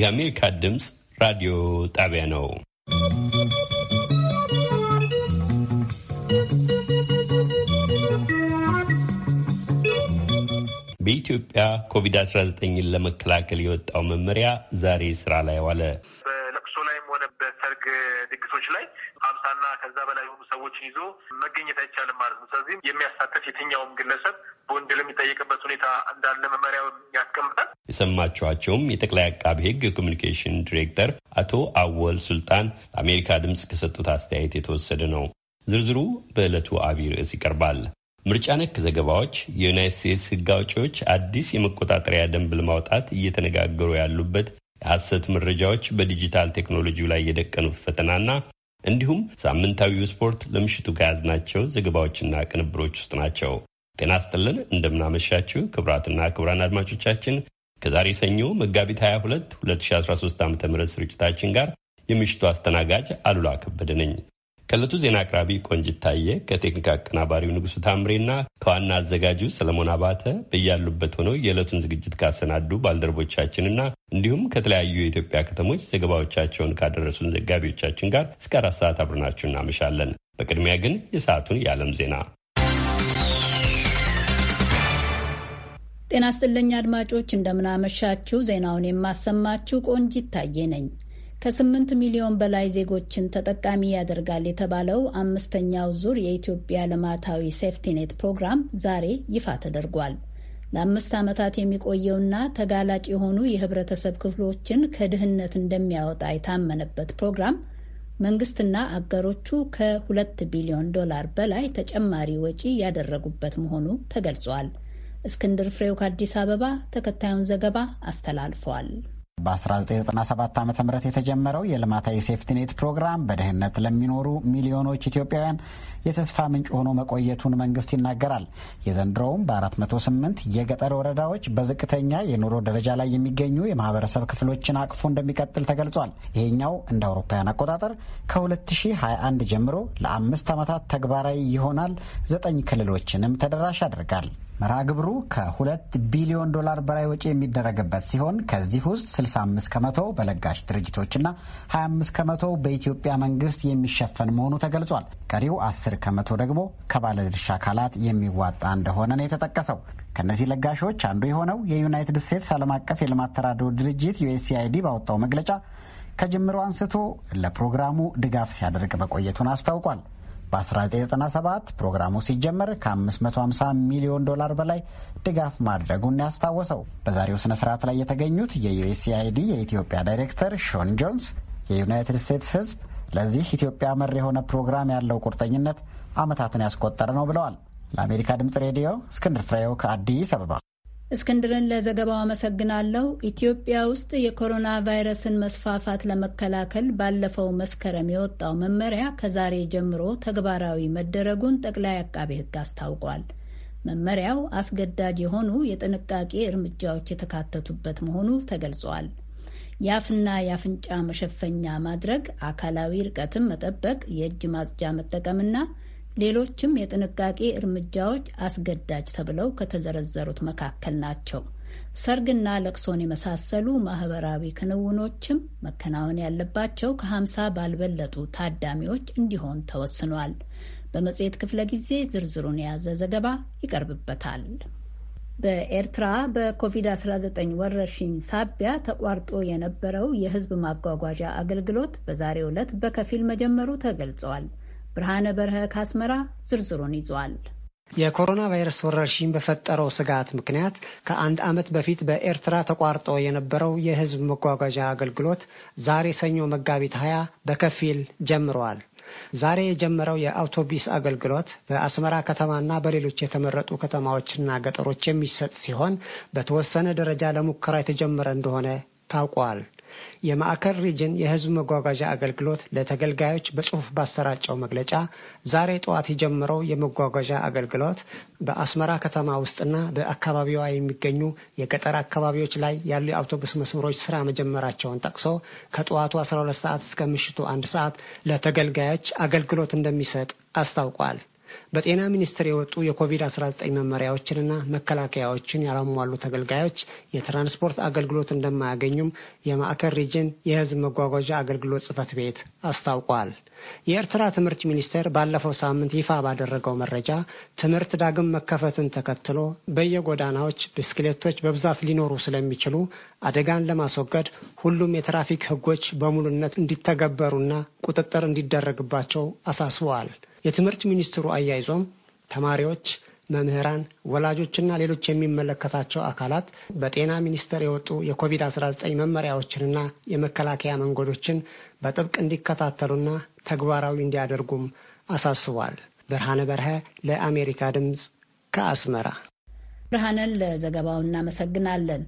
የአሜሪካ ድምፅ ራዲዮ ጣቢያ ነው። በኢትዮጵያ ኮቪድ-19ን ለመከላከል የወጣው መመሪያ ዛሬ ስራ ላይ ዋለ። በለቅሶ ላይም ሆነ በሰርግ ድግሶች ላይ ሰላሳና ከዛ በላይ የሆኑ ሰዎችን ይዞ መገኘት አይቻልም ማለት ነው። ስለዚህም የሚያሳተፍ የትኛውም ግለሰብ በወንጀል የሚጠየቅበት ሁኔታ እንዳለ መመሪያው ያስቀምጣል። የሰማችኋቸውም የጠቅላይ አቃቢ ሕግ የኮሚኒኬሽን ዲሬክተር አቶ አወል ሱልጣን ለአሜሪካ ድምፅ ከሰጡት አስተያየት የተወሰደ ነው። ዝርዝሩ በዕለቱ አቢይ ርዕስ ይቀርባል። ምርጫ ነክ ዘገባዎች የዩናይት ስቴትስ ህግ አውጪዎች አዲስ የመቆጣጠሪያ ደንብ ለማውጣት እየተነጋገሩ ያሉበት የሐሰት መረጃዎች በዲጂታል ቴክኖሎጂው ላይ የደቀኑት ፈተናና እንዲሁም ሳምንታዊው ስፖርት ለምሽቱ ከያዝናቸው ዘገባዎችና ቅንብሮች ውስጥ ናቸው። ጤና ስጥልን እንደምናመሻችሁ ክቡራትና ክቡራን አድማጮቻችን ከዛሬ ሰኞ መጋቢት 22 2013 ዓ ም ስርጭታችን ጋር የምሽቱ አስተናጋጅ አሉላ ከበደ ነኝ። ከእለቱ ዜና አቅራቢ ቆንጅት ታየ፣ ከቴክኒክ አቀናባሪው ንጉሱ ታምሬና ከዋና አዘጋጁ ሰለሞን አባተ በያሉበት ሆነው የዕለቱን ዝግጅት ካሰናዱ ባልደረቦቻችንና እንዲሁም ከተለያዩ የኢትዮጵያ ከተሞች ዘገባዎቻቸውን ካደረሱን ዘጋቢዎቻችን ጋር እስከ አራት ሰዓት አብረናችሁ እናመሻለን። በቅድሚያ ግን የሰዓቱን የዓለም ዜና ጤና ስጥልኝ አድማጮች፣ እንደምናመሻችሁ። ዜናውን የማሰማችሁ ቆንጂት ታዬ ነኝ። ከ ከ8 ሚሊዮን በላይ ዜጎችን ተጠቃሚ ያደርጋል የተባለው አምስተኛው ዙር የኢትዮጵያ ልማታዊ ሴፍቲኔት ፕሮግራም ዛሬ ይፋ ተደርጓል። ለአምስት ዓመታት የሚቆየውና ተጋላጭ የሆኑ የህብረተሰብ ክፍሎችን ከድህነት እንደሚያወጣ የታመነበት ፕሮግራም መንግስትና አጋሮቹ ከሁለት ቢሊዮን ዶላር በላይ ተጨማሪ ወጪ ያደረጉበት መሆኑ ተገልጿል። እስክንድር ፍሬው ከአዲስ አበባ ተከታዩን ዘገባ አስተላልፏል። በ1997 ዓ ም የተጀመረው የልማታዊ ሴፍቲኔት ፕሮግራም በድህነት ለሚኖሩ ሚሊዮኖች ኢትዮጵያውያን የተስፋ ምንጭ ሆኖ መቆየቱን መንግስት ይናገራል። የዘንድሮውም በ408 የገጠር ወረዳዎች በዝቅተኛ የኑሮ ደረጃ ላይ የሚገኙ የማህበረሰብ ክፍሎችን አቅፎ እንደሚቀጥል ተገልጿል። ይሄኛው እንደ አውሮፓውያን አቆጣጠር ከ2021 ጀምሮ ለአምስት ዓመታት ተግባራዊ ይሆናል። ዘጠኝ ክልሎችንም ተደራሽ ያደርጋል። መርሃ ግብሩ ከ2 ቢሊዮን ዶላር በላይ ወጪ የሚደረግበት ሲሆን ከዚህ ውስጥ 65 ከመቶ በለጋሽ ድርጅቶችና 25 ከመቶ በኢትዮጵያ መንግስት የሚሸፈን መሆኑ ተገልጿል። ቀሪው 10 ከመቶ ደግሞ ከባለድርሻ አካላት የሚዋጣ እንደሆነ ነው የተጠቀሰው። ከእነዚህ ለጋሾች አንዱ የሆነው የዩናይትድ ስቴትስ ዓለም አቀፍ የልማት ተራድኦ ድርጅት ዩኤስኤአይዲ ባወጣው መግለጫ ከጅምሮ አንስቶ ለፕሮግራሙ ድጋፍ ሲያደርግ መቆየቱን አስታውቋል። በ1997 ፕሮግራሙ ሲጀመር ከ550 ሚሊዮን ዶላር በላይ ድጋፍ ማድረጉን ያስታወሰው በዛሬው ስነ ስርዓት ላይ የተገኙት የዩኤስአይዲ የኢትዮጵያ ዳይሬክተር ሾን ጆንስ የዩናይትድ ስቴትስ ሕዝብ ለዚህ ኢትዮጵያ መር የሆነ ፕሮግራም ያለው ቁርጠኝነት ዓመታትን ያስቆጠረ ነው ብለዋል። ለአሜሪካ ድምፅ ሬዲዮ እስክንድር ፍሬው ከአዲስ አበባ እስክንድርን ለዘገባው አመሰግናለሁ። ኢትዮጵያ ውስጥ የኮሮና ቫይረስን መስፋፋት ለመከላከል ባለፈው መስከረም የወጣው መመሪያ ከዛሬ ጀምሮ ተግባራዊ መደረጉን ጠቅላይ አቃቤ ሕግ አስታውቋል። መመሪያው አስገዳጅ የሆኑ የጥንቃቄ እርምጃዎች የተካተቱበት መሆኑ ተገልጿል። የአፍና የአፍንጫ መሸፈኛ ማድረግ፣ አካላዊ ርቀትን መጠበቅ፣ የእጅ ማጽጃ መጠቀምና ሌሎችም የጥንቃቄ እርምጃዎች አስገዳጅ ተብለው ከተዘረዘሩት መካከል ናቸው። ሰርግና ለቅሶን የመሳሰሉ ማህበራዊ ክንውኖችም መከናወን ያለባቸው ከ ባልበለጡ ታዳሚዎች እንዲሆን ተወስኗል። በመጽሔት ክፍለ ጊዜ ዝርዝሩን የያዘ ዘገባ ይቀርብበታል። በኤርትራ በኮቪድ-19 ወረርሽኝ ሳቢያ ተቋርጦ የነበረው የህዝብ ማጓጓዣ አገልግሎት በዛሬው ዕለት በከፊል መጀመሩ ተገልጿል። ብርሃነ በርሀ ከአስመራ ዝርዝሩን ይዟል። የኮሮና ቫይረስ ወረርሽኝ በፈጠረው ስጋት ምክንያት ከአንድ ዓመት በፊት በኤርትራ ተቋርጦ የነበረው የሕዝብ መጓጓዣ አገልግሎት ዛሬ ሰኞ መጋቢት ሀያ በከፊል ጀምረዋል። ዛሬ የጀመረው የአውቶቢስ አገልግሎት በአስመራ ከተማና በሌሎች የተመረጡ ከተማዎችና ገጠሮች የሚሰጥ ሲሆን በተወሰነ ደረጃ ለሙከራ የተጀመረ እንደሆነ ታውቋል። የማዕከል ሪጅን የህዝብ መጓጓዣ አገልግሎት ለተገልጋዮች በጽሁፍ ባሰራጨው መግለጫ ዛሬ ጠዋት የጀመረው የመጓጓዣ አገልግሎት በአስመራ ከተማ ውስጥና በአካባቢዋ የሚገኙ የገጠር አካባቢዎች ላይ ያሉ የአውቶቡስ መስመሮች ስራ መጀመራቸውን ጠቅሶ ከጠዋቱ 12 ሰዓት እስከ ምሽቱ አንድ ሰዓት ለተገልጋዮች አገልግሎት እንደሚሰጥ አስታውቋል። በጤና ሚኒስቴር የወጡ የኮቪድ-19 መመሪያዎችንና መከላከያዎችን ያላሟሉ ተገልጋዮች የትራንስፖርት አገልግሎት እንደማያገኙም የማዕከል ሪጅን የሕዝብ መጓጓዣ አገልግሎት ጽሕፈት ቤት አስታውቋል። የኤርትራ ትምህርት ሚኒስቴር ባለፈው ሳምንት ይፋ ባደረገው መረጃ ትምህርት ዳግም መከፈትን ተከትሎ በየጎዳናዎች ብስክሌቶች በብዛት ሊኖሩ ስለሚችሉ አደጋን ለማስወገድ ሁሉም የትራፊክ ሕጎች በሙሉነት እንዲተገበሩና ቁጥጥር እንዲደረግባቸው አሳስበዋል። የትምህርት ሚኒስትሩ አያይዞም ተማሪዎች፣ መምህራን፣ ወላጆችና ሌሎች የሚመለከታቸው አካላት በጤና ሚኒስቴር የወጡ የኮቪድ-19 መመሪያዎችንና የመከላከያ መንገዶችን በጥብቅ እንዲከታተሉና ተግባራዊ እንዲያደርጉም አሳስቧል። ብርሃነ በርሀ ለአሜሪካ ድምፅ ከአስመራ። ብርሃንን ለዘገባው እናመሰግናለን።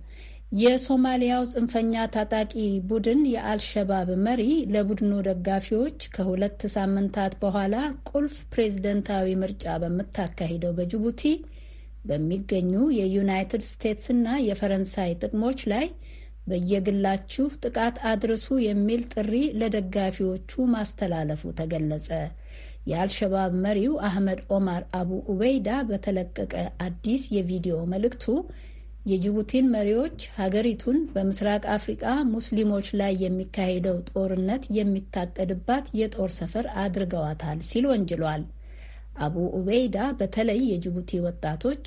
የሶማሊያው ጽንፈኛ ታጣቂ ቡድን የአልሸባብ መሪ ለቡድኑ ደጋፊዎች ከሁለት ሳምንታት በኋላ ቁልፍ ፕሬዝደንታዊ ምርጫ በምታካሂደው በጅቡቲ በሚገኙ የዩናይትድ ስቴትስና የፈረንሳይ ጥቅሞች ላይ በየግላችሁ ጥቃት አድርሱ የሚል ጥሪ ለደጋፊዎቹ ማስተላለፉ ተገለጸ። የአልሸባብ መሪው አህመድ ኦማር አቡ ኡበይዳ በተለቀቀ አዲስ የቪዲዮ መልእክቱ የጅቡቲን መሪዎች ሀገሪቱን በምስራቅ አፍሪቃ ሙስሊሞች ላይ የሚካሄደው ጦርነት የሚታቀድባት የጦር ሰፈር አድርገዋታል ሲል ወንጅሏል። አቡ ኡበይዳ በተለይ የጅቡቲ ወጣቶች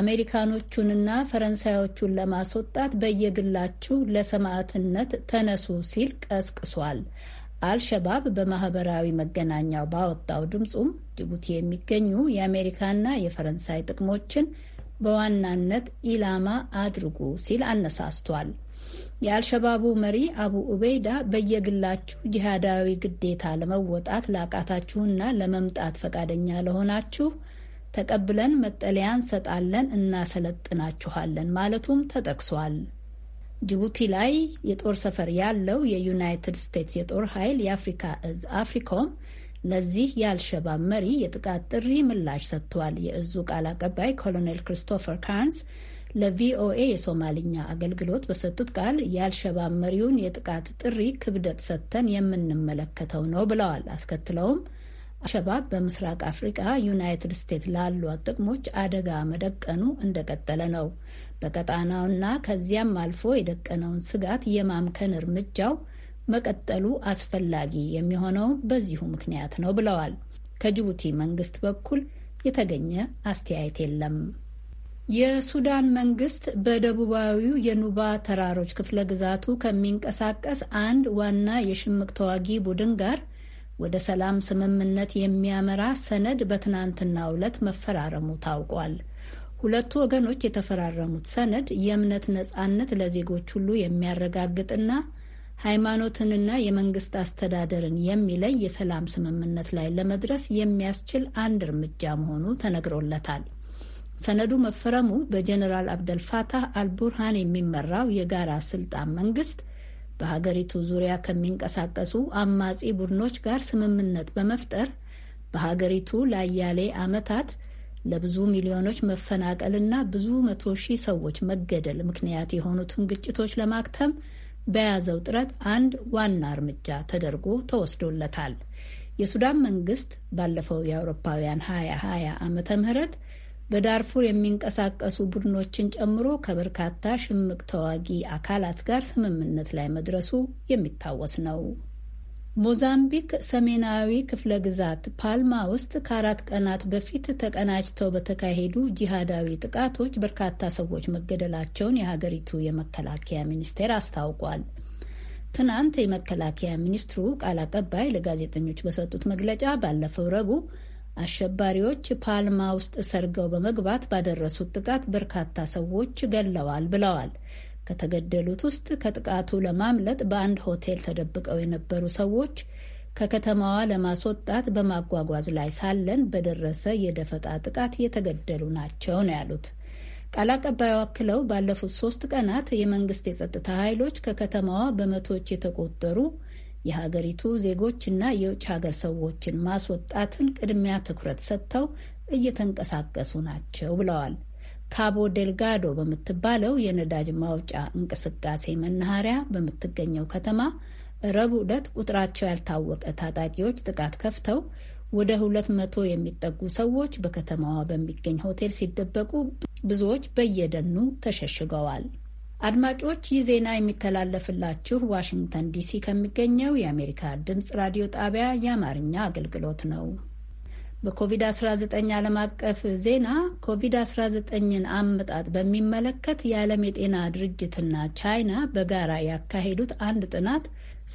አሜሪካኖቹንና ፈረንሳዮቹን ለማስወጣት በየግላችሁ ለሰማዕትነት ተነሱ ሲል ቀስቅሷል። አልሸባብ በማህበራዊ መገናኛው ባወጣው ድምፁም ጅቡቲ የሚገኙ የአሜሪካና የፈረንሳይ ጥቅሞችን በዋናነት ኢላማ አድርጉ ሲል አነሳስቷል። የአልሸባቡ መሪ አቡ ኡበይዳ በየግላችሁ ጂሃዳዊ ግዴታ ለመወጣት ላቃታችሁና ለመምጣት ፈቃደኛ ለሆናችሁ ተቀብለን መጠለያ እንሰጣለን፣ እናሰለጥናችኋለን ማለቱም ተጠቅሷል። ጅቡቲ ላይ የጦር ሰፈር ያለው የዩናይትድ ስቴትስ የጦር ኃይል የአፍሪካ እዝ አፍሪኮም ለዚህ የአልሸባብ መሪ የጥቃት ጥሪ ምላሽ ሰጥቷል። የእዙ ቃል አቀባይ ኮሎኔል ክሪስቶፈር ካርንስ ለቪኦኤ የሶማልኛ አገልግሎት በሰጡት ቃል የአልሸባብ መሪውን የጥቃት ጥሪ ክብደት ሰጥተን የምንመለከተው ነው ብለዋል። አስከትለውም አልሸባብ በምስራቅ አፍሪቃ ዩናይትድ ስቴትስ ላሏት ጥቅሞች አደጋ መደቀኑ እንደቀጠለ ነው። በቀጣናውና ከዚያም አልፎ የደቀነውን ስጋት የማምከን እርምጃው መቀጠሉ አስፈላጊ የሚሆነው በዚሁ ምክንያት ነው ብለዋል። ከጅቡቲ መንግስት በኩል የተገኘ አስተያየት የለም። የሱዳን መንግስት በደቡባዊው የኑባ ተራሮች ክፍለ ግዛቱ ከሚንቀሳቀስ አንድ ዋና የሽምቅ ተዋጊ ቡድን ጋር ወደ ሰላም ስምምነት የሚያመራ ሰነድ በትናንትናው ዕለት መፈራረሙ ታውቋል። ሁለቱ ወገኖች የተፈራረሙት ሰነድ የእምነት ነጻነት ለዜጎች ሁሉ የሚያረጋግጥና ሃይማኖትንና የመንግስት አስተዳደርን የሚለይ የሰላም ስምምነት ላይ ለመድረስ የሚያስችል አንድ እርምጃ መሆኑ ተነግሮለታል። ሰነዱ መፈረሙ በጀኔራል አብደልፋታህ አልቡርሃን የሚመራው የጋራ ስልጣን መንግስት በሀገሪቱ ዙሪያ ከሚንቀሳቀሱ አማጺ ቡድኖች ጋር ስምምነት በመፍጠር በሀገሪቱ ለአያሌ ዓመታት ለብዙ ሚሊዮኖች መፈናቀልና ብዙ መቶ ሺህ ሰዎች መገደል ምክንያት የሆኑትን ግጭቶች ለማክተም በያዘው ጥረት አንድ ዋና እርምጃ ተደርጎ ተወስዶለታል። የሱዳን መንግስት ባለፈው የአውሮፓውያን 2020 ዓመተ ምህረት በዳርፉር የሚንቀሳቀሱ ቡድኖችን ጨምሮ ከበርካታ ሽምቅ ተዋጊ አካላት ጋር ስምምነት ላይ መድረሱ የሚታወስ ነው። ሞዛምቢክ ሰሜናዊ ክፍለ ግዛት ፓልማ ውስጥ ከአራት ቀናት በፊት ተቀናጅተው በተካሄዱ ጂሃዳዊ ጥቃቶች በርካታ ሰዎች መገደላቸውን የሀገሪቱ የመከላከያ ሚኒስቴር አስታውቋል። ትናንት የመከላከያ ሚኒስትሩ ቃል አቀባይ ለጋዜጠኞች በሰጡት መግለጫ ባለፈው ረቡዕ አሸባሪዎች ፓልማ ውስጥ ሰርገው በመግባት ባደረሱት ጥቃት በርካታ ሰዎች ገለዋል ብለዋል። ከተገደሉት ውስጥ ከጥቃቱ ለማምለጥ በአንድ ሆቴል ተደብቀው የነበሩ ሰዎች ከከተማዋ ለማስወጣት በማጓጓዝ ላይ ሳለን በደረሰ የደፈጣ ጥቃት የተገደሉ ናቸው ነው ያሉት። ቃል አቀባዩ አክለው ባለፉት ሶስት ቀናት የመንግስት የጸጥታ ኃይሎች ከከተማዋ በመቶዎች የተቆጠሩ የሀገሪቱ ዜጎችና የውጭ ሀገር ሰዎችን ማስወጣትን ቅድሚያ ትኩረት ሰጥተው እየተንቀሳቀሱ ናቸው ብለዋል። ካቦ ዴልጋዶ በምትባለው የነዳጅ ማውጫ እንቅስቃሴ መናኸሪያ በምትገኘው ከተማ ረቡዕ ዕለት ቁጥራቸው ያልታወቀ ታጣቂዎች ጥቃት ከፍተው ወደ ሁለት መቶ የሚጠጉ ሰዎች በከተማዋ በሚገኝ ሆቴል ሲደበቁ ብዙዎች በየደኑ ተሸሽገዋል። አድማጮች ይህ ዜና የሚተላለፍላችሁ ዋሽንግተን ዲሲ ከሚገኘው የአሜሪካ ድምፅ ራዲዮ ጣቢያ የአማርኛ አገልግሎት ነው። በኮቪድ-19 ዓለም አቀፍ ዜና ኮቪድ-19ን አመጣጥ በሚመለከት የዓለም የጤና ድርጅትና ቻይና በጋራ ያካሄዱት አንድ ጥናት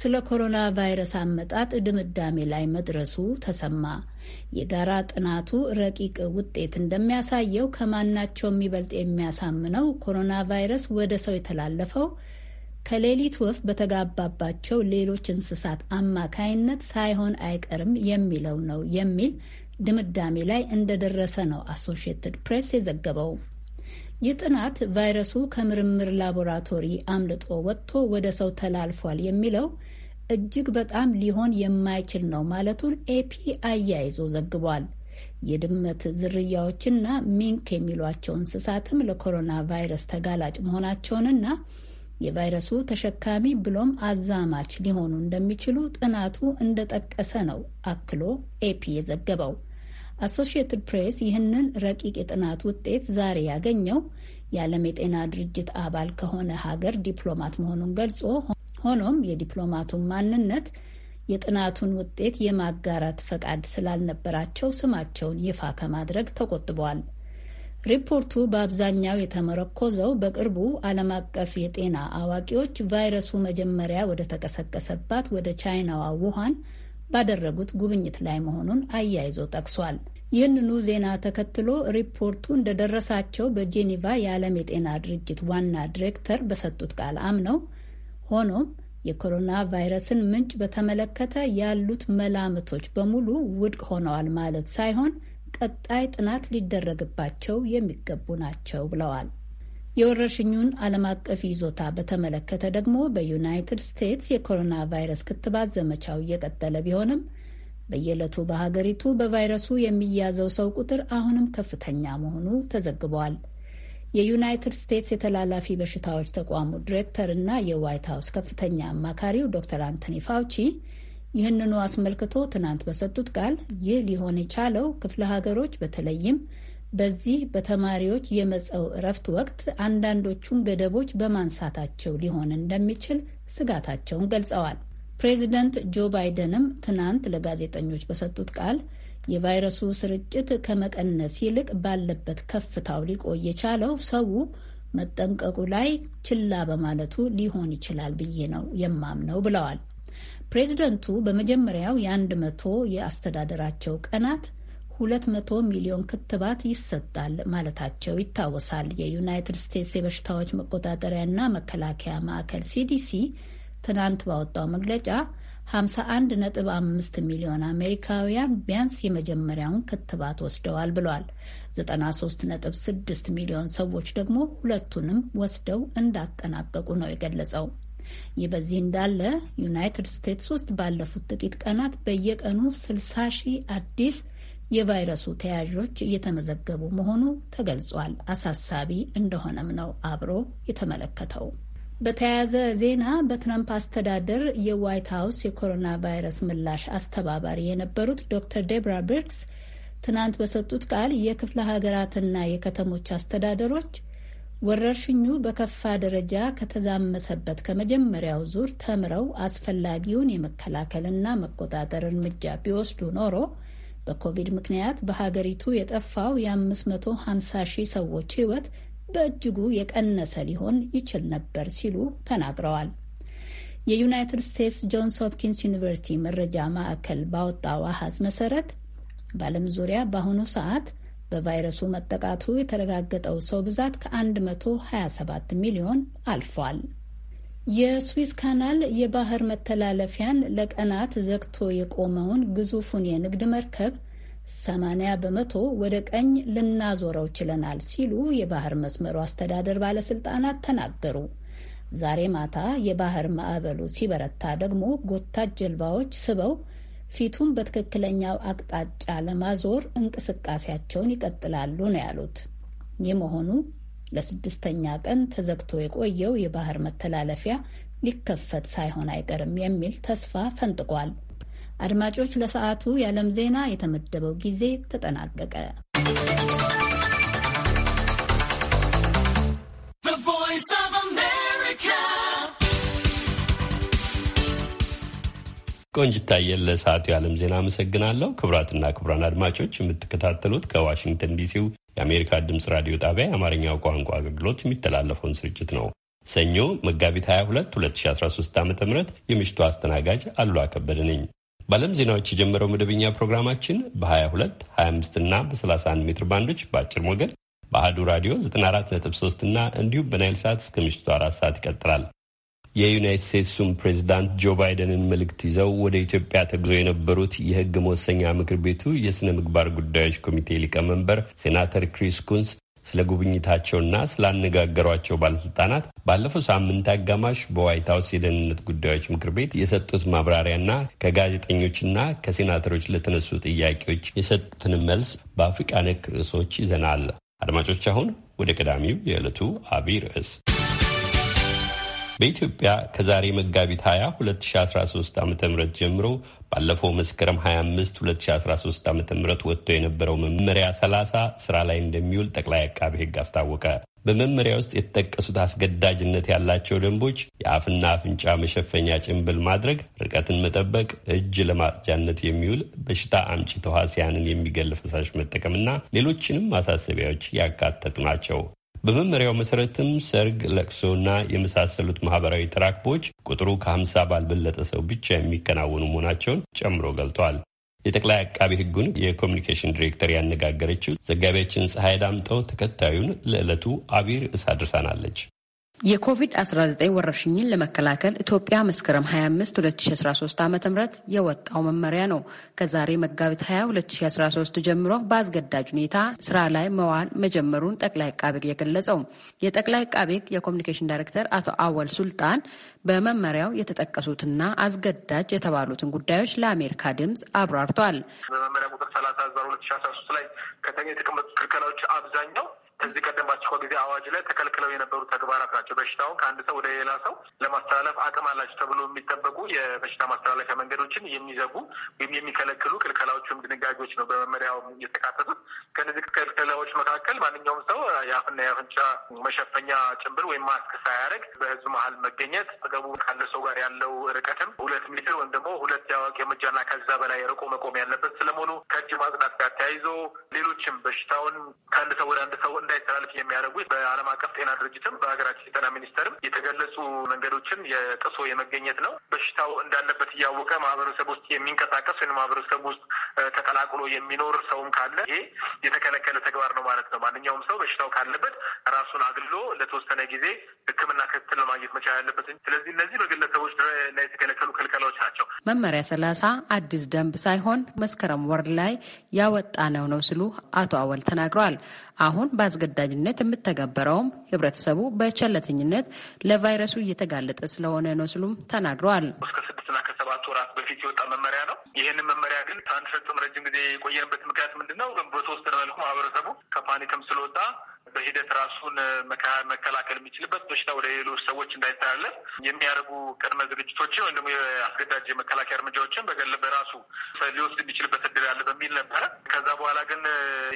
ስለ ኮሮና ቫይረስ አመጣጥ ድምዳሜ ላይ መድረሱ ተሰማ። የጋራ ጥናቱ ረቂቅ ውጤት እንደሚያሳየው ከማናቸው የሚበልጥ የሚያሳምነው ኮሮና ቫይረስ ወደ ሰው የተላለፈው ከሌሊት ወፍ በተጋባባቸው ሌሎች እንስሳት አማካይነት ሳይሆን አይቀርም የሚለው ነው የሚል ድምዳሜ ላይ እንደደረሰ ነው አሶሽየትድ ፕሬስ የዘገበው። ይህ ጥናት ቫይረሱ ከምርምር ላቦራቶሪ አምልጦ ወጥቶ ወደ ሰው ተላልፏል የሚለው እጅግ በጣም ሊሆን የማይችል ነው ማለቱን ኤፒ አያይዞ ዘግቧል። የድመት ዝርያዎችና ሚንክ የሚሏቸው እንስሳትም ለኮሮና ቫይረስ ተጋላጭ መሆናቸውንና የቫይረሱ ተሸካሚ ብሎም አዛማች ሊሆኑ እንደሚችሉ ጥናቱ እንደጠቀሰ ነው አክሎ ኤፒ የዘገበው። አሶሽየትድ ፕሬስ ይህንን ረቂቅ የጥናት ውጤት ዛሬ ያገኘው የዓለም የጤና ድርጅት አባል ከሆነ ሀገር ዲፕሎማት መሆኑን ገልጾ ሆኖም የዲፕሎማቱን ማንነት የጥናቱን ውጤት የማጋራት ፈቃድ ስላልነበራቸው ስማቸውን ይፋ ከማድረግ ተቆጥበዋል። ሪፖርቱ በአብዛኛው የተመረኮዘው በቅርቡ ዓለም አቀፍ የጤና አዋቂዎች ቫይረሱ መጀመሪያ ወደ ተቀሰቀሰባት ወደ ቻይናዋ ውሃን ባደረጉት ጉብኝት ላይ መሆኑን አያይዞ ጠቅሷል። ይህንኑ ዜና ተከትሎ ሪፖርቱ እንደደረሳቸው በጄኔቫ የዓለም የጤና ድርጅት ዋና ዲሬክተር በሰጡት ቃል አምነው፣ ሆኖም የኮሮና ቫይረስን ምንጭ በተመለከተ ያሉት መላምቶች በሙሉ ውድቅ ሆነዋል ማለት ሳይሆን ቀጣይ ጥናት ሊደረግባቸው የሚገቡ ናቸው ብለዋል። የወረርሽኙን ዓለም አቀፍ ይዞታ በተመለከተ ደግሞ በዩናይትድ ስቴትስ የኮሮና ቫይረስ ክትባት ዘመቻው እየቀጠለ ቢሆንም በየዕለቱ በሀገሪቱ በቫይረሱ የሚያዘው ሰው ቁጥር አሁንም ከፍተኛ መሆኑ ተዘግቧል። የዩናይትድ ስቴትስ የተላላፊ በሽታዎች ተቋሙ ዲሬክተር እና የዋይት ሀውስ ከፍተኛ አማካሪው ዶክተር አንቶኒ ፋውቺ ይህንኑ አስመልክቶ ትናንት በሰጡት ቃል ይህ ሊሆን የቻለው ክፍለ ሀገሮች በተለይም በዚህ በተማሪዎች የመጸው እረፍት ወቅት አንዳንዶቹን ገደቦች በማንሳታቸው ሊሆን እንደሚችል ስጋታቸውን ገልጸዋል። ፕሬዚደንት ጆ ባይደንም ትናንት ለጋዜጠኞች በሰጡት ቃል የቫይረሱ ስርጭት ከመቀነስ ይልቅ ባለበት ከፍታው ሊቆይ የቻለው ሰው መጠንቀቁ ላይ ችላ በማለቱ ሊሆን ይችላል ብዬ ነው የማምነው ብለዋል። ፕሬዚደንቱ በመጀመሪያው የአንድ መቶ የአስተዳደራቸው ቀናት 200 ሚሊዮን ክትባት ይሰጣል ማለታቸው ይታወሳል። የዩናይትድ ስቴትስ የበሽታዎች መቆጣጠሪያና መከላከያ ማዕከል ሲዲሲ ትናንት ባወጣው መግለጫ 51.5 ሚሊዮን አሜሪካውያን ቢያንስ የመጀመሪያውን ክትባት ወስደዋል ብሏል። 93.6 ሚሊዮን ሰዎች ደግሞ ሁለቱንም ወስደው እንዳጠናቀቁ ነው የገለጸው። ይህ በዚህ እንዳለ ዩናይትድ ስቴትስ ውስጥ ባለፉት ጥቂት ቀናት በየቀኑ 60 ሺህ አዲስ የቫይረሱ ተያዦች እየተመዘገቡ መሆኑ ተገልጿል። አሳሳቢ እንደሆነም ነው አብሮ የተመለከተው። በተያያዘ ዜና በትራምፕ አስተዳደር የዋይት ሀውስ የኮሮና ቫይረስ ምላሽ አስተባባሪ የነበሩት ዶክተር ዴብራ ብርክስ ትናንት በሰጡት ቃል የክፍለ ሀገራትና የከተሞች አስተዳደሮች ወረርሽኙ በከፋ ደረጃ ከተዛመተበት ከመጀመሪያው ዙር ተምረው አስፈላጊውን የመከላከልና መቆጣጠር እርምጃ ቢወስዱ ኖሮ በኮቪድ ምክንያት በሀገሪቱ የጠፋው የ550 ሺህ ሰዎች ሕይወት በእጅጉ የቀነሰ ሊሆን ይችል ነበር ሲሉ ተናግረዋል። የዩናይትድ ስቴትስ ጆንስ ሆፕኪንስ ዩኒቨርሲቲ መረጃ ማዕከል ባወጣው አሃዝ መሰረት በዓለም ዙሪያ በአሁኑ ሰዓት በቫይረሱ መጠቃቱ የተረጋገጠው ሰው ብዛት ከ127 ሚሊዮን አልፏል። የስዊስ ካናል የባህር መተላለፊያን ለቀናት ዘግቶ የቆመውን ግዙፉን የንግድ መርከብ 80 በመቶ ወደ ቀኝ ልናዞረው ችለናል ሲሉ የባህር መስመሩ አስተዳደር ባለስልጣናት ተናገሩ። ዛሬ ማታ የባህር ማዕበሉ ሲበረታ ደግሞ ጎታች ጀልባዎች ስበው ፊቱን በትክክለኛው አቅጣጫ ለማዞር እንቅስቃሴያቸውን ይቀጥላሉ ነው ያሉት። ይህ መሆኑ ለስድስተኛ ቀን ተዘግቶ የቆየው የባህር መተላለፊያ ሊከፈት ሳይሆን አይቀርም የሚል ተስፋ ፈንጥቋል። አድማጮች፣ ለሰዓቱ የዓለም ዜና የተመደበው ጊዜ ተጠናቀቀ። ቆንጅታየን ለሰዓቱ የዓለም ዜና አመሰግናለሁ። ክቡራትና ክቡራን አድማጮች የምትከታተሉት ከዋሽንግተን ዲሲው የአሜሪካ ድምፅ ራዲዮ ጣቢያ የአማርኛው ቋንቋ አገልግሎት የሚተላለፈውን ስርጭት ነው። ሰኞ መጋቢት 22 2013 ዓ ም የምሽቱ አስተናጋጅ አሉ አከበደ ነኝ። በዓለም ዜናዎች የጀመረው መደበኛ ፕሮግራማችን በ22፣ 25 እና በ31 ሜትር ባንዶች በአጭር ሞገድ በአህዱ ራዲዮ 943 እና እንዲሁም በናይል ሰዓት እስከ ምሽቱ አራት ሰዓት ይቀጥላል። የዩናይት ስቴትሱም ፕሬዚዳንት ጆ ባይደንን መልእክት ይዘው ወደ ኢትዮጵያ ተጉዞ የነበሩት የህግ መወሰኛ ምክር ቤቱ የሥነ ምግባር ጉዳዮች ኮሚቴ ሊቀመንበር ሴናተር ክሪስ ኩንስ ስለ ጉብኝታቸውና ስላነጋገሯቸው ባለስልጣናት ባለፈው ሳምንት አጋማሽ በዋይት ሀውስ የደህንነት ጉዳዮች ምክር ቤት የሰጡት ማብራሪያና ከጋዜጠኞችና ከሴናተሮች ለተነሱ ጥያቄዎች የሰጡትን መልስ በአፍሪቃ ነክ ርዕሶች ይዘናል። አድማጮች አሁን ወደ ቀዳሚው የዕለቱ አብይ ርዕስ በኢትዮጵያ ከዛሬ መጋቢት 20 2013 ዓ ም ጀምሮ ባለፈው መስከረም 25 2013 ዓ ም ወጥቶ የነበረው መመሪያ 30 ስራ ላይ እንደሚውል ጠቅላይ አቃቤ ሕግ አስታወቀ። በመመሪያ ውስጥ የተጠቀሱት አስገዳጅነት ያላቸው ደንቦች የአፍና አፍንጫ መሸፈኛ ጭንብል ማድረግ፣ ርቀትን መጠበቅ፣ እጅ ለማጽጃነት የሚውል በሽታ አምጪ ተዋሲያንን የሚገል ፈሳሽ መጠቀምና ሌሎችንም ማሳሰቢያዎች ያካተቱ ናቸው። በመመሪያው መሰረትም ሰርግ፣ ለቅሶና የመሳሰሉት ማህበራዊ ተራክቦች ቁጥሩ ከ50 ባልበለጠ ሰው ብቻ የሚከናወኑ መሆናቸውን ጨምሮ ገልጧል። የጠቅላይ አቃቢ ሕጉን የኮሚኒኬሽን ዲሬክተር ያነጋገረችው ዘጋቢያችን ፀሐይ ዳምጠው ተከታዩን ለዕለቱ አቢር ርዕስ አድርሳናለች። የኮቪድ-19 ወረርሽኝን ለመከላከል ኢትዮጵያ መስከረም 25 2013 ዓ ም የወጣው መመሪያ ነው። ከዛሬ መጋቢት 20 2013 ጀምሮ በአስገዳጅ ሁኔታ ስራ ላይ መዋል መጀመሩን ጠቅላይ አቃቤ የገለጸው የጠቅላይ አቃቤ የኮሚኒኬሽን ዳይሬክተር አቶ አወል ሱልጣን በመመሪያው የተጠቀሱትና አስገዳጅ የተባሉትን ጉዳዮች ለአሜሪካ ድምፅ አብራርተዋል። በመመሪያ ቁጥር 30 2013 ላይ ከተኛ የተቀመጡ ክልከላዎች አብዛኛው ከዚህ ቀደም ጊዜ አዋጅ ላይ ተከልክለው የነበሩ ተግባራት ናቸው። በሽታውን ከአንድ ሰው ወደ ሌላ ሰው ለማስተላለፍ አቅም አላቸው ተብሎ የሚጠበቁ የበሽታ ማስተላለፊያ መንገዶችን የሚዘጉ ወይም የሚከለክሉ ክልከላዎችም ድንጋጌዎች ነው በመመሪያው የተካተቱት። ከነዚህ ክልከላዎች መካከል ማንኛውም ሰው የአፍና የአፍንጫ መሸፈኛ ጭንብል ወይም ማስክ ሳያደርግ በህዝብ መሀል መገኘት፣ አጠገቡ ካለ ሰው ጋር ያለው ርቀትም ሁለት ሜትር ወይም ደግሞ ሁለት የአዋቂ እርምጃና ከዛ በላይ ርቆ መቆም ያለበት ስለመሆኑ ከእጅ ማጽዳት ጋር ተያይዞ ሌሎችም በሽታውን ከአንድ ሰው ወደ አንድ ሰው እንዳይተላልፍ የሚያደርጉ በዓለም አቀፍ ጤና ድርጅትም በሀገራችን የጤና ሚኒስቴርም የተገለጹ መንገዶችን የጥሶ የመገኘት ነው። በሽታው እንዳለበት እያወቀ ማህበረሰብ ውስጥ የሚንቀሳቀስ ወይም ማህበረሰብ ውስጥ ተቀላቅሎ የሚኖር ሰውም ካለ ይሄ የተከለከለ ተግባር ነው ማለት ነው። ማንኛውም ሰው በሽታው ካለበት ራሱን አግልሎ ለተወሰነ ጊዜ ሕክምና ክትትል ለማግኘት መቻል ያለበት። ስለዚህ እነዚህ በግለሰቦች ላይ የተከለከሉ ክልከላዎች ናቸው። መመሪያ ሰላሳ አዲስ ደንብ ሳይሆን መስከረም ወር ላይ ያወጣ ነው ነው ሲሉ አቶ አወል ተናግረዋል። አሁን በአስገዳጅነት የምተገበረውም ህብረተሰቡ በቸለተኝነት ለቫይረሱ እየተጋለጠ ስለሆነ ነው ሲሉም ተናግረዋል። ከሰባት ወራት በፊት የወጣ መመሪያ ነው። ይህንን መመሪያ ግን ሳንፈጽም ረጅም ጊዜ የቆየንበት ምክንያት ምንድን ነው? በተወሰነ መልኩ ማህበረሰቡ ከፓኒክም ስለወጣ በሂደት ራሱን መከላከል የሚችልበት በሽታ ወደ ሌሎች ሰዎች እንዳይተላለፍ የሚያደርጉ ቅድመ ዝግጅቶችን ወይም ደግሞ የአስገዳጅ የመከላከያ እርምጃዎችን በገለ በራሱ ሊወስድ የሚችልበት እድል አለ በሚል ነበረ። ከዛ በኋላ ግን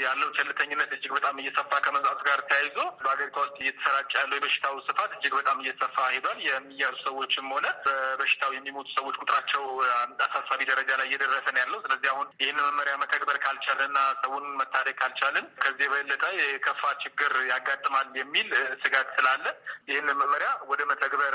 ያለው ቸልተኝነት እጅግ በጣም እየሰፋ ከመዛት ጋር ተያይዞ በሀገሪቷ ውስጥ እየተሰራጨ ያለው የበሽታው ስፋት እጅግ በጣም እየሰፋ ሄዷል። የሚያዙ ሰዎችም ሆነ በበሽታው የሚሞቱ ሰዎች ቁጥራቸው አሳሳቢ ደረጃ ላይ እየደረሰ ነው ያለው። ስለዚህ አሁን ይህን መመሪያ መተግበር ካልቻለንና ሰውን መታደግ ካልቻልን ከዚህ የበለጠ የከፋ ችግር ችግር ያጋጥማል የሚል ስጋት ስላለ ይህንን መመሪያ ወደ መተግበር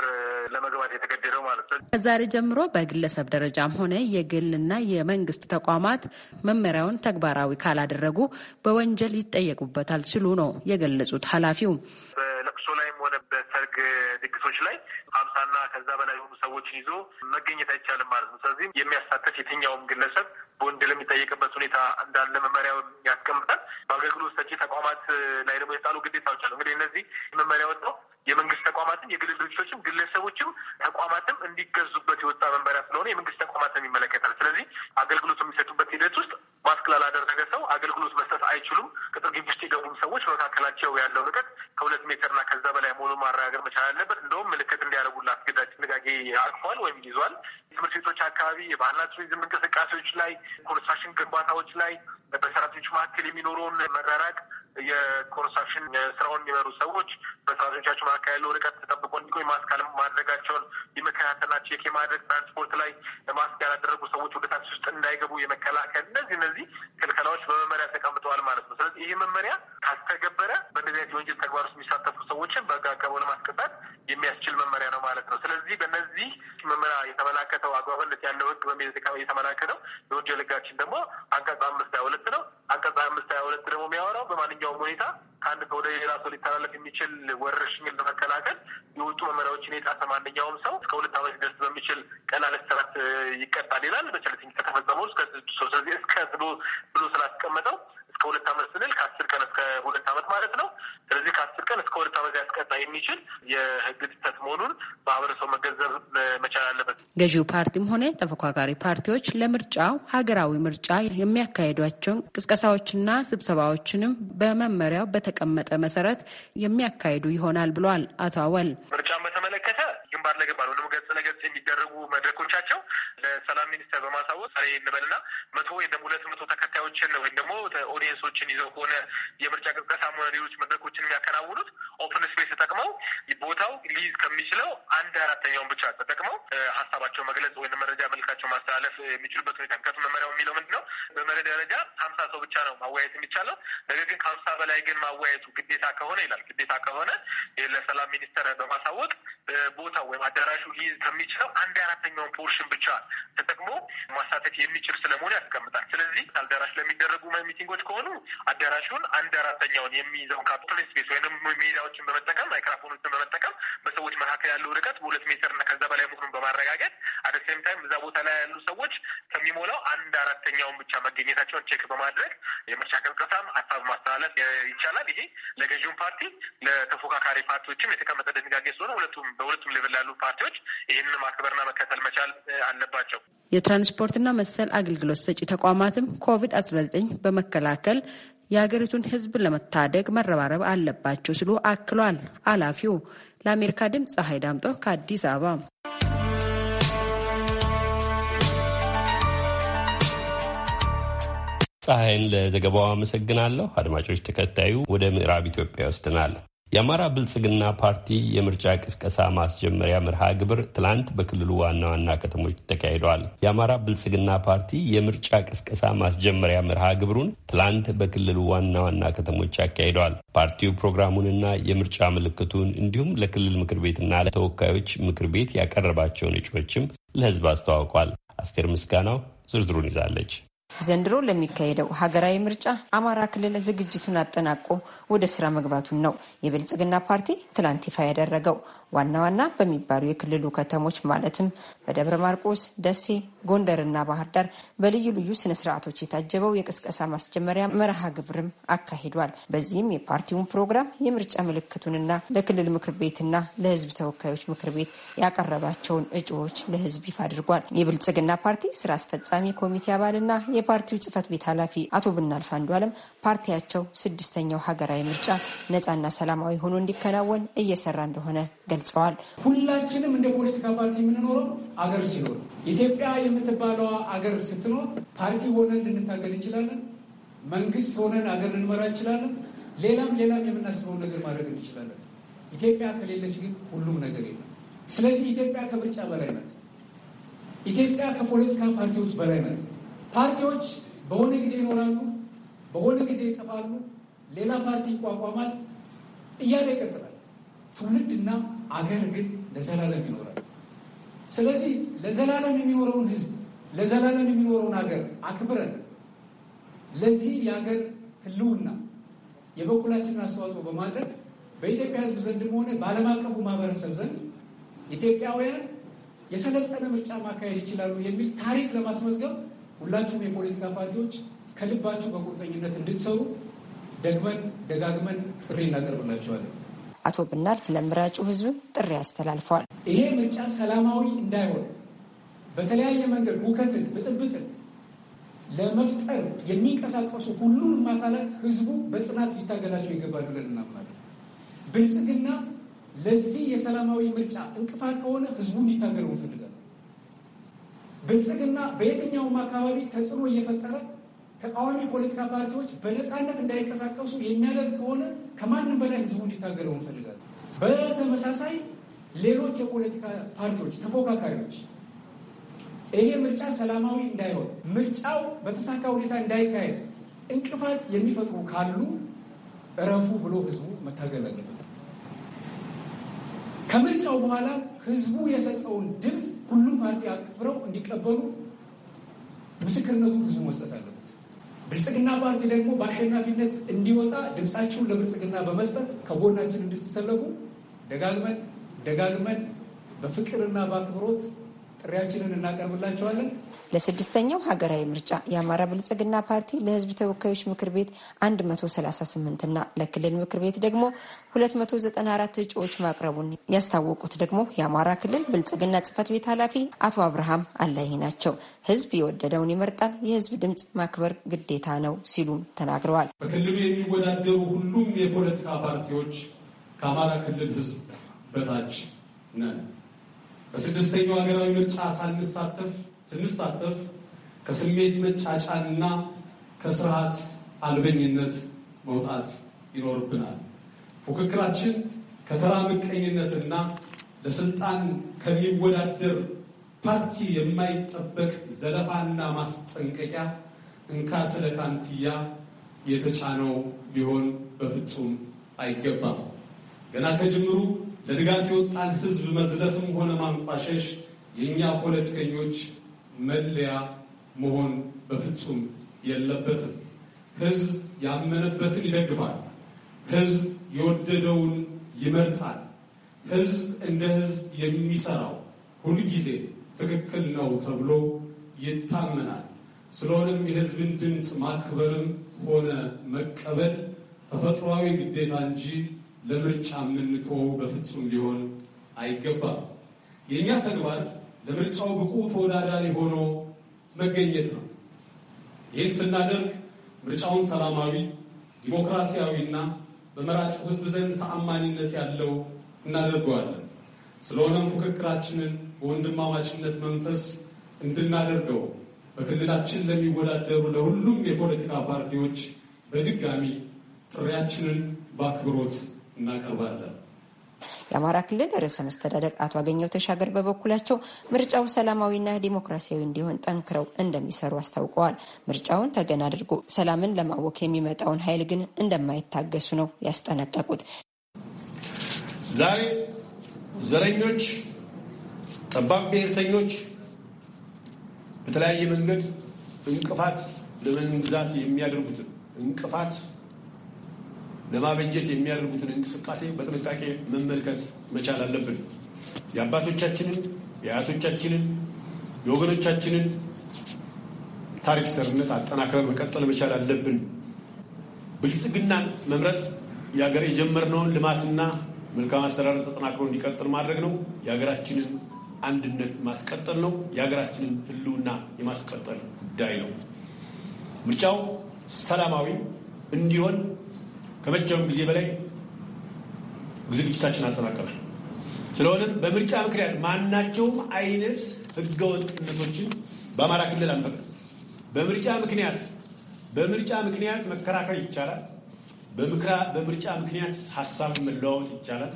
ለመግባት የተገደደው ማለት ነው። ከዛሬ ጀምሮ በግለሰብ ደረጃም ሆነ የግልና የመንግስት ተቋማት መመሪያውን ተግባራዊ ካላደረጉ በወንጀል ይጠየቁበታል ሲሉ ነው የገለጹት ኃላፊው በለቅሶ ላይም ሆነ በሰርግ ድግሶች ላይ ሀምሳና ከዛ በላይ የሆኑ ሰዎች ይዞ መገኘት አይቻልም ማለት ነው። ስለዚህም የሚያሳተፍ የትኛውም ግለሰብ በወንጀል የሚጠየቅበት ሁኔታ እንዳለ መመሪያውን ያስቀምጣል። በአገልግሎት ሰጪ ተቋማት ላይ ደግሞ የተጣሉ ግዴታዎች አሉ። እንግዲህ እነዚህ መመሪያ ወጣው የመንግስት ተቋማትም የግል ድርጅቶችም ግለሰቦችም ተቋማትም እንዲገዙበት የወጣ መመሪያ ስለሆነ የመንግስት ተቋማት ይመለከታል። ስለዚህ አገልግሎት የሚሰጡበት ሂደት ውስጥ ማስክ ላላደረገ ሰው አገልግሎት መስጠት አይችሉም። ቅጥር ግቢ ውስጥ የገቡም ሰዎች መካከላቸው ያለው ርቀት ከሁለት ሜትርና ከዛ በላይ መሆኑ ማረጋገጥ መቻል አለበት። እንደውም ምልክት እንዲያ የሚያደርጉላ አስገዳጅ ጥንቃቄ አቅፏል ወይም ይዟል። ትምህርት ቤቶች አካባቢ የባህልና ቱሪዝም እንቅስቃሴዎች ላይ፣ ኮንስትራክሽን ግንባታዎች ላይ በሰራተኞች መካከል የሚኖረውን መራራቅ የኮንስትራክሽን ስራውን የሚመሩ ሰዎች በሰራተኞቻቸው መካከል ያለው ርቀት ተጠብቆ እንዲቆይ ማስካል ማድረጋቸውን የመከታተልና ቼክ የማድረግ ትራንስፖርት ላይ ማስክ ያላደረጉ ሰዎች ወደ ታክሲ ውስጥ እንዳይገቡ የመከላከል እነዚህ እነዚህ ክልከላዎች በመመሪያ ተቀምጠዋል ማለት ነው። ስለዚህ ይህ መመሪያ ካስተገበረ በእንደዚህ አይነት የወንጀል ተግባር ውስጥ የሚሳተፉ ሰዎችን በህግ ለማስቀጣት የሚያስችል መመሪያ ነው ማለት ነው። ስለዚህ በእነዚህ መመሪያ የተመላከተው አግባብነት ያለው ህግ በሚል የተመላከተው የወንጀል ህጋችን ደግሞ አንቀጽ አምስት ሀያ ሁለት ነው። አንቀጽ አምስት ሀያ ሁለት ደግሞ የሚያወራው በማንኛውም በማንኛውም ሁኔታ ከአንድ ሰው ወደ ሌላ ሰው ሊተላለፍ የሚችል ወረርሽኝን በመከላከል የወጡ መመሪያዎችን የጣሰ ማንኛውም ሰው እስከ ሁለት ዓመት ደርስ በሚችል ቀላል እስራት ይቀጣል ይላል። በቸለተኝነት ከተፈጸመው እስከ ስድስት ሰው ስለዚህ እስከ ብሎ ብሎ ስላስቀመጠው እስከ ሁለት ዓመት ስንል ከአስር ቀን እስከ ሁለት ዓመት ማለት ነው። ስለዚህ ከአስር ቀን እስከ ሁለት ዓመት ያስቀጣ የሚችል የህግ ጥሰት መሆኑን ማህበረሰቡ መገንዘብ መቻል አለበት። ገዢው ፓርቲም ሆነ ተፎካካሪ ፓርቲዎች ለምርጫው ሀገራዊ ምርጫ የሚያካሄዷቸውን ቅስቀሳዎችና ስብሰባዎችንም በመመሪያው በተቀመጠ መሰረት የሚያካሂዱ ይሆናል ብሏል አቶ አወል ምርጫን በተመለከተ ግንባር ላይ ለግንባር ወይም ገጽ ለገጽ የሚደረጉ መድረኮቻቸው ለሰላም ሚኒስተር በማሳወቅ ዛሬ እንበልና መቶ ወይም ደግሞ ሁለት መቶ ተከታዮችን ወይም ደግሞ ኦዲየንሶችን ይዘው ከሆነ የምርጫ ቅስቀሳ ሆነ ሌሎች መድረኮችን የሚያከናውኑት ኦፕን ስፔስ ተጠቅመው ቦታው ሊይዝ ከሚችለው አንድ አራተኛውን ብቻ ተጠቅመው ሀሳባቸው መግለጽ ወይም መረጃ መልካቸው ማስተላለፍ የሚችሉበት ሁኔታ ምክንያቱ መመሪያው የሚለው ምንድን ነው? በመርህ ደረጃ ሀምሳ ሰው ብቻ ነው ማወያየት የሚቻለው። ነገር ግን ከሀምሳ በላይ ግን ማወያየቱ ግዴታ ከሆነ ይላል ግዴታ ከሆነ ለሰላም ሚኒስተር በማሳወቅ ቦታው ወይም አዳራሹ ሊይዝ ከሚችለው አንድ አራተኛውን ፖርሽን ብቻ ተጠቅሞ ማሳተፍ የሚችል ስለመሆኑ ያስቀምጣል። ስለዚህ አዳራሽ ለሚደረጉ ሚቲንጎች ከሆኑ አዳራሹን አንድ አራተኛውን የሚይዘውን ካፕቶን ስፔስ ወይም ሜዳዎችን በመጠቀም ማይክራፎኖችን በመጠቀም በሰዎች መካከል ያለው ርቀት በሁለት ሜትር እና ከዛ በላይ መሆኑን በማረጋገጥ አደ ሴም ታይም እዛ ቦታ ላይ ያሉ ሰዎች ከሚሞላው አንድ አራተኛውን ብቻ መገኘታቸውን ቼክ በማድረግ የምርጫ ቅስቀሳም ሀሳብ ማስተላለፍ ይቻላል። ይሄ ለገዥውን ፓርቲ ለተፎካካሪ ፓርቲዎችም የተቀመጠ ድንጋጌ ስለሆነ ሁለቱም በሁለቱም ሌቭል ያሉ ፓርቲዎች ይህንን ማክበርና መከተል መቻል አለባቸው። የትራንስፖርትና መሰል አገልግሎት ሰጪ ተቋማትም ኮቪድ አስራ ዘጠኝ በመከላከል የሀገሪቱን ሕዝብ ለመታደግ መረባረብ አለባቸው ሲሉ አክሏል አላፊው ለአሜሪካ ድምፅ ፀሐይ ዳምጦ ከአዲስ አበባ። ፀሐይን ለዘገባው አመሰግናለሁ። አድማጮች፣ ተከታዩ ወደ ምዕራብ ኢትዮጵያ ይወስደናል። የአማራ ብልጽግና ፓርቲ የምርጫ ቅስቀሳ ማስጀመሪያ መርሃ ግብር ትላንት በክልሉ ዋና ዋና ከተሞች ተካሂደዋል። የአማራ ብልጽግና ፓርቲ የምርጫ ቅስቀሳ ማስጀመሪያ መርሃ ግብሩን ትላንት በክልሉ ዋና ዋና ከተሞች አካሂደዋል። ፓርቲው ፕሮግራሙንና የምርጫ ምልክቱን እንዲሁም ለክልል ምክር ቤትና ለተወካዮች ምክር ቤት ያቀረባቸውን እጩዎችም ለሕዝብ አስተዋውቋል። አስቴር ምስጋናው ዝርዝሩን ይዛለች። ዘንድሮ ለሚካሄደው ሀገራዊ ምርጫ አማራ ክልል ዝግጅቱን አጠናቆ ወደ ስራ መግባቱን ነው የብልጽግና ፓርቲ ትላንት ይፋ ያደረገው። ዋና ዋና በሚባሉ የክልሉ ከተሞች ማለትም በደብረ ማርቆስ፣ ደሴ፣ ጎንደርና ባህር ዳር በልዩ ልዩ ስነ ስርዓቶች የታጀበው የቅስቀሳ ማስጀመሪያ መርሃ ግብርም አካሂዷል። በዚህም የፓርቲውን ፕሮግራም የምርጫ ምልክቱንና ለክልል ምክር ቤትና ለህዝብ ተወካዮች ምክር ቤት ያቀረባቸውን እጩዎች ለህዝብ ይፋ አድርጓል። የብልጽግና ፓርቲ ስራ አስፈጻሚ ኮሚቴ አባልና የፓርቲው ጽህፈት ቤት ኃላፊ አቶ ብናልፍ አለም ፓርቲያቸው ስድስተኛው ሀገራዊ ምርጫ ነጻና ሰላማዊ ሆኖ እንዲከናወን እየሰራ እንደሆነ ገልጸዋል። ሁላችንም እንደ ፖለቲካ ፓርቲ የምንኖረው አገር ሲኖር ኢትዮጵያ የምትባለዋ አገር ስትኖር ፓርቲ ሆነን ልንታገል እንችላለን። መንግስት ሆነን አገር ልንመራ እንችላለን። ሌላም ሌላም የምናስበው ነገር ማድረግ እንችላለን። ኢትዮጵያ ከሌለች ግን ሁሉም ነገር የለም። ስለዚህ ኢትዮጵያ ከምርጫ በላይ ናት። ኢትዮጵያ ከፖለቲካ ፓርቲዎች በላይ ናት። ፓርቲዎች በሆነ ጊዜ ይኖራሉ፣ በሆነ ጊዜ ይጠፋሉ፣ ሌላ ፓርቲ ይቋቋማል እያለ ይቀጥላል። ትውልድና አገር ግን ለዘላለም ይኖራል። ስለዚህ ለዘላለም የሚኖረውን ህዝብ ለዘላለም የሚኖረውን ሀገር አክብረን ለዚህ የሀገር ህልውና የበኩላችንን አስተዋጽኦ በማድረግ በኢትዮጵያ ህዝብ ዘንድም ሆነ በዓለም አቀፉ ማህበረሰብ ዘንድ ኢትዮጵያውያን የሰለጠነ ምርጫ ማካሄድ ይችላሉ የሚል ታሪክ ለማስመዝገብ ሁላችሁም የፖለቲካ ፓርቲዎች ከልባችሁ በቁርጠኝነት እንድትሰሩ ደግመን ደጋግመን ጥሪ እናቀርብላቸዋለን። አቶ ብናልፍ ለምራጩ ህዝብ ጥሪ አስተላልፈዋል። ይሄ ምርጫ ሰላማዊ እንዳይሆን በተለያየ መንገድ ሁከትን፣ ብጥብጥን ለመፍጠር የሚንቀሳቀሱ ሁሉንም አካላት ህዝቡ በጽናት ሊታገላቸው ይገባል ብለን እናምናለን። ብልጽግና ለዚህ የሰላማዊ ምርጫ እንቅፋት ከሆነ ህዝቡ እንዲታገለው እንፈልጋለን። ብልጽግና በየትኛውም አካባቢ ተጽዕኖ እየፈጠረ ተቃዋሚ ፖለቲካ ፓርቲዎች በነፃነት እንዳይንቀሳቀሱ የሚያደርግ ከሆነ ከማንም በላይ ህዝቡ እንዲታገለው እንፈልጋለን። በተመሳሳይ ሌሎች የፖለቲካ ፓርቲዎች ተፎካካሪዎች ይሄ ምርጫ ሰላማዊ እንዳይሆን ምርጫው በተሳካ ሁኔታ እንዳይካሄድ እንቅፋት የሚፈጥሩ ካሉ እረፉ ብሎ ህዝቡ መታገል አለበት። ከምርጫው በኋላ ህዝቡ የሰጠውን ድምፅ ሁሉም ፓርቲ አክብረው እንዲቀበሉ ምስክርነቱን ህዝቡ መስጠት አለበት። ብልጽግና ፓርቲ ደግሞ በአሸናፊነት እንዲወጣ ድምፃችሁን ለብልጽግና በመስጠት ከጎናችን እንድትሰለፉ ደጋግመን ደጋግመን በፍቅርና በአክብሮት ጥሪያችንን እናቀርብላቸዋለን። ለስድስተኛው ሀገራዊ ምርጫ የአማራ ብልጽግና ፓርቲ ለህዝብ ተወካዮች ምክር ቤት 138 እና ለክልል ምክር ቤት ደግሞ 294 እጩዎች ማቅረቡን ያስታወቁት ደግሞ የአማራ ክልል ብልጽግና ጽህፈት ቤት ኃላፊ አቶ አብርሃም አላይ ናቸው። ህዝብ የወደደውን ይመርጣል፣ የህዝብ ድምፅ ማክበር ግዴታ ነው ሲሉም ተናግረዋል። በክልሉ የሚወዳደሩ ሁሉም የፖለቲካ ፓርቲዎች ከአማራ ክልል ህዝብ በታች ነን በስድስተኛው ሀገራዊ ምርጫ ሳንሳተፍ ስንሳተፍ ከስሜት መጫጫንና ከስርዓት አልበኝነት መውጣት ይኖርብናል። ፉክክራችን ከተራ ምቀኝነትና ለስልጣን ከሚወዳደር ፓርቲ የማይጠበቅ ዘለፋና ማስጠንቀቂያ እንካ ስለ ካንትያ የተጫነው ሊሆን በፍጹም አይገባም። ገና ከጅምሩ ለድጋፍ የወጣን ህዝብ መዝለፍም ሆነ ማንቋሸሽ የእኛ ፖለቲከኞች መለያ መሆን በፍጹም የለበትም። ህዝብ ያመነበትን ይደግፋል። ህዝብ የወደደውን ይመርጣል። ህዝብ እንደ ህዝብ የሚሰራው ሁልጊዜ ትክክል ነው ተብሎ ይታመናል። ስለሆነም የህዝብን ድምፅ ማክበርም ሆነ መቀበል ተፈጥሯዊ ግዴታ እንጂ ለምርጫ የምንተወው በፍጹም ሊሆን አይገባም። የእኛ ተግባር ለምርጫው ብቁ ተወዳዳሪ ሆኖ መገኘት ነው። ይህን ስናደርግ ምርጫውን ሰላማዊ፣ ዲሞክራሲያዊና በመራጩ ሕዝብ ዘንድ ተአማኒነት ያለው እናደርገዋለን። ስለሆነም ፉክክራችንን በወንድማማችነት መንፈስ እንድናደርገው በክልላችን ለሚወዳደሩ ለሁሉም የፖለቲካ ፓርቲዎች በድጋሚ ጥሪያችንን በአክብሮት እናከብራለን። የአማራ ክልል ርዕሰ መስተዳደር አቶ አገኘው ተሻገር በበኩላቸው ምርጫው ሰላማዊና ዲሞክራሲያዊ እንዲሆን ጠንክረው እንደሚሰሩ አስታውቀዋል። ምርጫውን ተገን አድርጎ ሰላምን ለማወክ የሚመጣውን ኃይል ግን እንደማይታገሱ ነው ያስጠነቀቁት። ዛሬ ዘረኞች፣ ጠባብ ብሔርተኞች በተለያየ መንገድ እንቅፋት ለመንግዛት የሚያደርጉትን እንቅፋት ለማበጀት የሚያደርጉትን እንቅስቃሴ በጥንቃቄ መመልከት መቻል አለብን። የአባቶቻችንን፣ የአያቶቻችንን፣ የወገኖቻችንን ታሪክ ሰርነት አጠናክረን መቀጠል መቻል አለብን። ብልጽግናን መምረጥ የሀገር የጀመርነውን ልማትና መልካም አሰራር ተጠናክሮ እንዲቀጥል ማድረግ ነው። የሀገራችንን አንድነት ማስቀጠል ነው። የሀገራችንን ሕልውና የማስቀጠል ጉዳይ ነው። ምርጫው ሰላማዊ እንዲሆን ከመቼውም ጊዜ በላይ ዝግጅታችን አጠናቀናል። ስለሆነም በምርጫ ምክንያት ማናቸውም አይነት ህገወጥነቶችን በአማራ ክልል አንፈቅድም። በምርጫ ምክንያት በምርጫ ምክንያት መከራከር ይቻላል። በምርጫ ምክንያት ሀሳብ መለዋወጥ ይቻላል።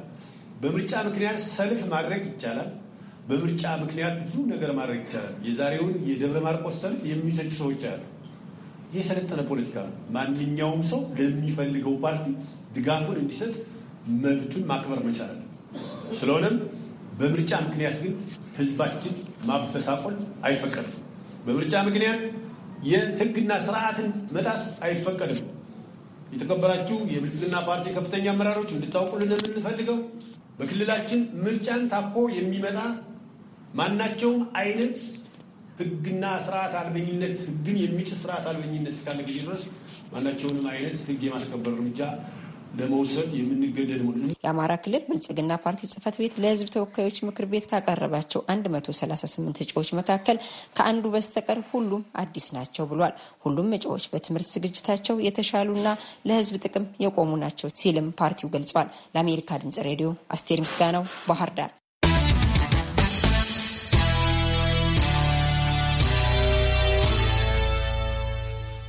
በምርጫ ምክንያት ሰልፍ ማድረግ ይቻላል። በምርጫ ምክንያት ብዙ ነገር ማድረግ ይቻላል። የዛሬውን የደብረ ማርቆስ ሰልፍ የሚተቹ ሰዎች አሉ። ይህ የሰለጠነ ፖለቲካ ነው። ማንኛውም ሰው ለሚፈልገው ፓርቲ ድጋፉን እንዲሰጥ መብቱን ማክበር መቻል አለ። ስለሆነም በምርጫ ምክንያት ግን ህዝባችን ማበሳቆል አይፈቀድም። በምርጫ ምክንያት የህግና ስርዓትን መጣስ አይፈቀድም። የተከበራችሁ የብልጽግና ፓርቲ ከፍተኛ አመራሮች እንድታውቁልን የምንፈልገው በክልላችን ምርጫን ታኮ የሚመጣ ማናቸውም አይነት ህግና ስርዓት አልበኝነት ህግን የሚጭስ ስርዓት አልበኝነት እስካለ ጊዜ ድረስ ማናቸውንም አይነት ህግ የማስከበር እርምጃ ለመውሰድ የምንገደድ መሆኑ የአማራ ክልል ብልጽግና ፓርቲ ጽህፈት ቤት ለህዝብ ተወካዮች ምክር ቤት ካቀረባቸው 138 እጩዎች መካከል ከአንዱ በስተቀር ሁሉም አዲስ ናቸው ብሏል። ሁሉም እጩዎች በትምህርት ዝግጅታቸው የተሻሉና ለህዝብ ጥቅም የቆሙ ናቸው ሲልም ፓርቲው ገልጿል። ለአሜሪካ ድምጽ ሬዲዮ አስቴር ምስጋናው ባህር ዳር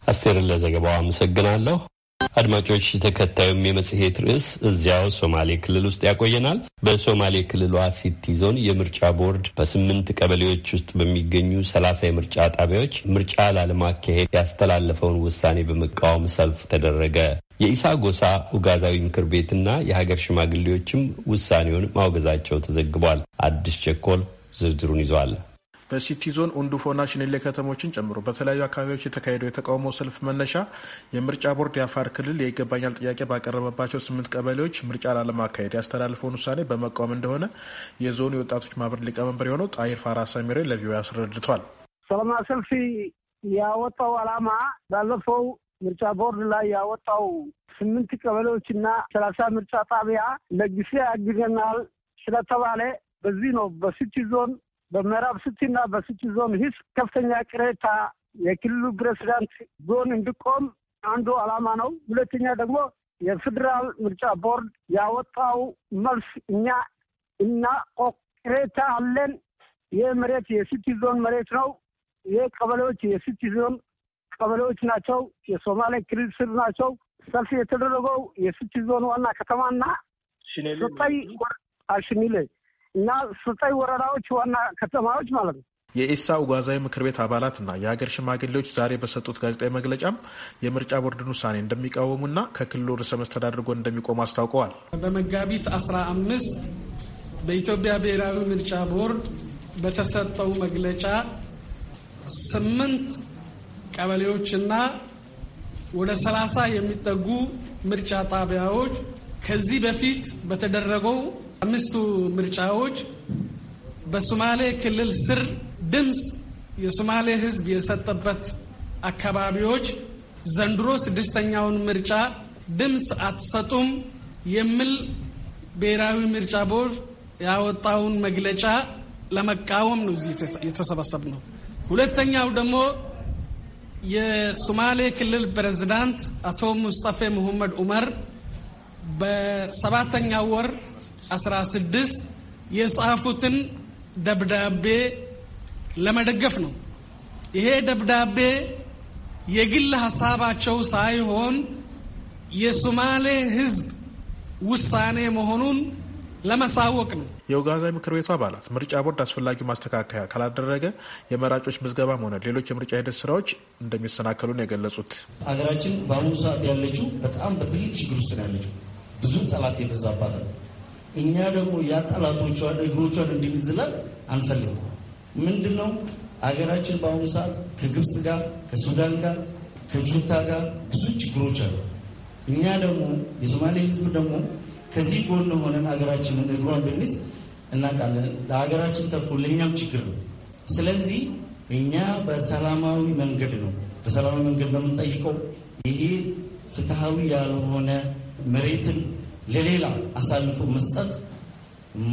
አስቴርን ለዘገባው አመሰግናለሁ። አድማጮች ተከታዩም የመጽሔት ርዕስ እዚያው ሶማሌ ክልል ውስጥ ያቆየናል። በሶማሌ ክልሏ ሲቲ ዞን የምርጫ ቦርድ በስምንት ቀበሌዎች ውስጥ በሚገኙ ሰላሳ የምርጫ ጣቢያዎች ምርጫ ላለማካሄድ ያስተላለፈውን ውሳኔ በመቃወም ሰልፍ ተደረገ። የኢሳ ጎሳ ኡጋዛዊ ምክር ቤትና የሀገር ሽማግሌዎችም ውሳኔውን ማውገዛቸው ተዘግቧል። አዲስ ቸኮል ዝርዝሩን ይዟል። በሲቲ ዞን ኡንዱፎና ሽኔሌ ከተሞችን ጨምሮ በተለያዩ አካባቢዎች የተካሄደው የተቃውሞ ሰልፍ መነሻ የምርጫ ቦርድ የአፋር ክልል የይገባኛል ጥያቄ ባቀረበባቸው ስምንት ቀበሌዎች ምርጫ ላለማካሄድ ያስተላልፈውን ውሳኔ በመቃወም እንደሆነ የዞኑ የወጣቶች ማህበር ሊቀመንበር የሆነው ጣይር ፋራ ሰሚሬ ለቪዮ አስረድቷል። ሰላማዊ ሰልፊ ያወጣው ዓላማ ባለፈው ምርጫ ቦርድ ላይ ያወጣው ስምንት ቀበሌዎችና ሰላሳ ምርጫ ጣቢያ ለጊዜ አግደናል ስለተባለ በዚህ ነው በሲቲ ዞን በምዕራብ ስቲና በስቲ ዞን ሂስ ከፍተኛ ቅሬታ የክልሉ ፕሬዚዳንት ዞን እንዲቆም አንዱ ዓላማ ነው። ሁለተኛ ደግሞ የፌዴራል ምርጫ ቦርድ ያወጣው መልስ እኛ እና ቅሬታ አለን። ይህ መሬት የሲቲ ዞን መሬት ነው። ይህ ቀበሌዎች የሲቲ ዞን ቀበሌዎች ናቸው። የሶማሌ ክልል ስር ናቸው። ሰልፍ የተደረገው የሲቲ ዞን ዋና ከተማና ሽኔሌ ሽኒሌ እና ዘጠኝ ወረዳዎች ዋና ከተማዎች ማለት ነው። የኢሳው ጓዛዊ ምክር ቤት አባላትና የሀገር ሽማግሌዎች ዛሬ በሰጡት ጋዜጣዊ መግለጫም የምርጫ ቦርድን ውሳኔ እንደሚቃወሙና ከክልሉ ርዕሰ መስተዳድር ጎን እንደሚቆሙ አስታውቀዋል። በመጋቢት 15 በኢትዮጵያ ብሔራዊ ምርጫ ቦርድ በተሰጠው መግለጫ ስምንት ቀበሌዎችና ወደ 30 የሚጠጉ ምርጫ ጣቢያዎች ከዚህ በፊት በተደረገው አምስቱ ምርጫዎች በሶማሌ ክልል ስር ድምፅ የሶማሌ ህዝብ የሰጠበት አካባቢዎች ዘንድሮ ስድስተኛውን ምርጫ ድምፅ አትሰጡም የሚል ብሔራዊ ምርጫ ቦርድ ያወጣውን መግለጫ ለመቃወም ነው እዚህ የተሰበሰብ ነው። ሁለተኛው ደግሞ የሶማሌ ክልል ፕሬዚዳንት አቶ ሙስጠፌ መሐመድ ዑመር በሰባተኛው ወር 16 የጻፉትን ደብዳቤ ለመደገፍ ነው። ይሄ ደብዳቤ የግል ሀሳባቸው ሳይሆን የሶማሌ ሕዝብ ውሳኔ መሆኑን ለመሳወቅ ነው። የኡጋዛ ምክር ቤቱ አባላት ምርጫ ቦርድ አስፈላጊ ማስተካከያ ካላደረገ የመራጮች ምዝገባም ሆነ ሌሎች የምርጫ ሂደት ስራዎች እንደሚሰናከሉ ነው የገለጹት። ሀገራችን በአሁኑ ሰዓት ያለችው በጣም በትልቅ ችግር ውስጥ ነው ያለችው። ብዙ ጠላት የበዛባት ነው። እኛ ደግሞ ያጠላቶቿን እግሮቿን እንድንዝላት አንፈልግም። ምንድን ነው አገራችን በአሁኑ ሰዓት ከግብፅ ጋር፣ ከሱዳን ጋር፣ ከጁንታ ጋር ብዙ ችግሮች አሉ። እኛ ደግሞ የሶማሌ ህዝብ ደግሞ ከዚህ ጎን ሆነን ሀገራችንን እግሯን ብንይዝ እናቃለን ለሀገራችን ተርፎ ለእኛም ችግር ነው። ስለዚህ እኛ በሰላማዊ መንገድ ነው በሰላማዊ መንገድ ነው የምንጠይቀው ይሄ ፍትሐዊ ያልሆነ መሬትን ለሌላ አሳልፎ መስጠት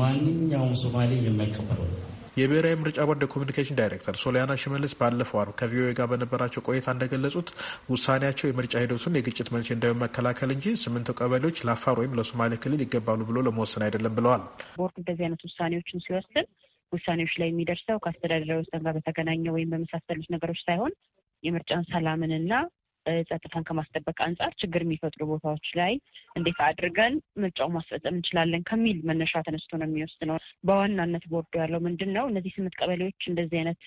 ማንኛውም ሶማሌ የማይቀበለው የብሔራዊ ምርጫ ቦርድ ኮሚኒኬሽን ዳይሬክተር ሶሊያና ሽመልስ ባለፈው አርብ ከቪኦኤ ጋር በነበራቸው ቆይታ እንደገለጹት ውሳኔያቸው የምርጫ ሂደቱን የግጭት መንስኤ እንዳይሆን መከላከል እንጂ ስምንቱ ቀበሌዎች ለአፋር ወይም ለሶማሌ ክልል ይገባሉ ብሎ ለመወሰን አይደለም ብለዋል። ቦርድ እንደዚህ አይነት ውሳኔዎችን ሲወስን ውሳኔዎች ላይ የሚደርሰው ከአስተዳደራዊ ወሰን ጋር በተገናኘ ወይም በመሳሰሉት ነገሮች ሳይሆን የምርጫን ሰላምንና ጸጥታን ከማስጠበቅ አንጻር ችግር የሚፈጥሩ ቦታዎች ላይ እንዴት አድርገን ምርጫው ማስፈጸም እንችላለን ከሚል መነሻ ተነስቶ ነው የሚወስድ ነው። በዋናነት ቦርዱ ያለው ምንድን ነው? እነዚህ ስምንት ቀበሌዎች እንደዚህ አይነት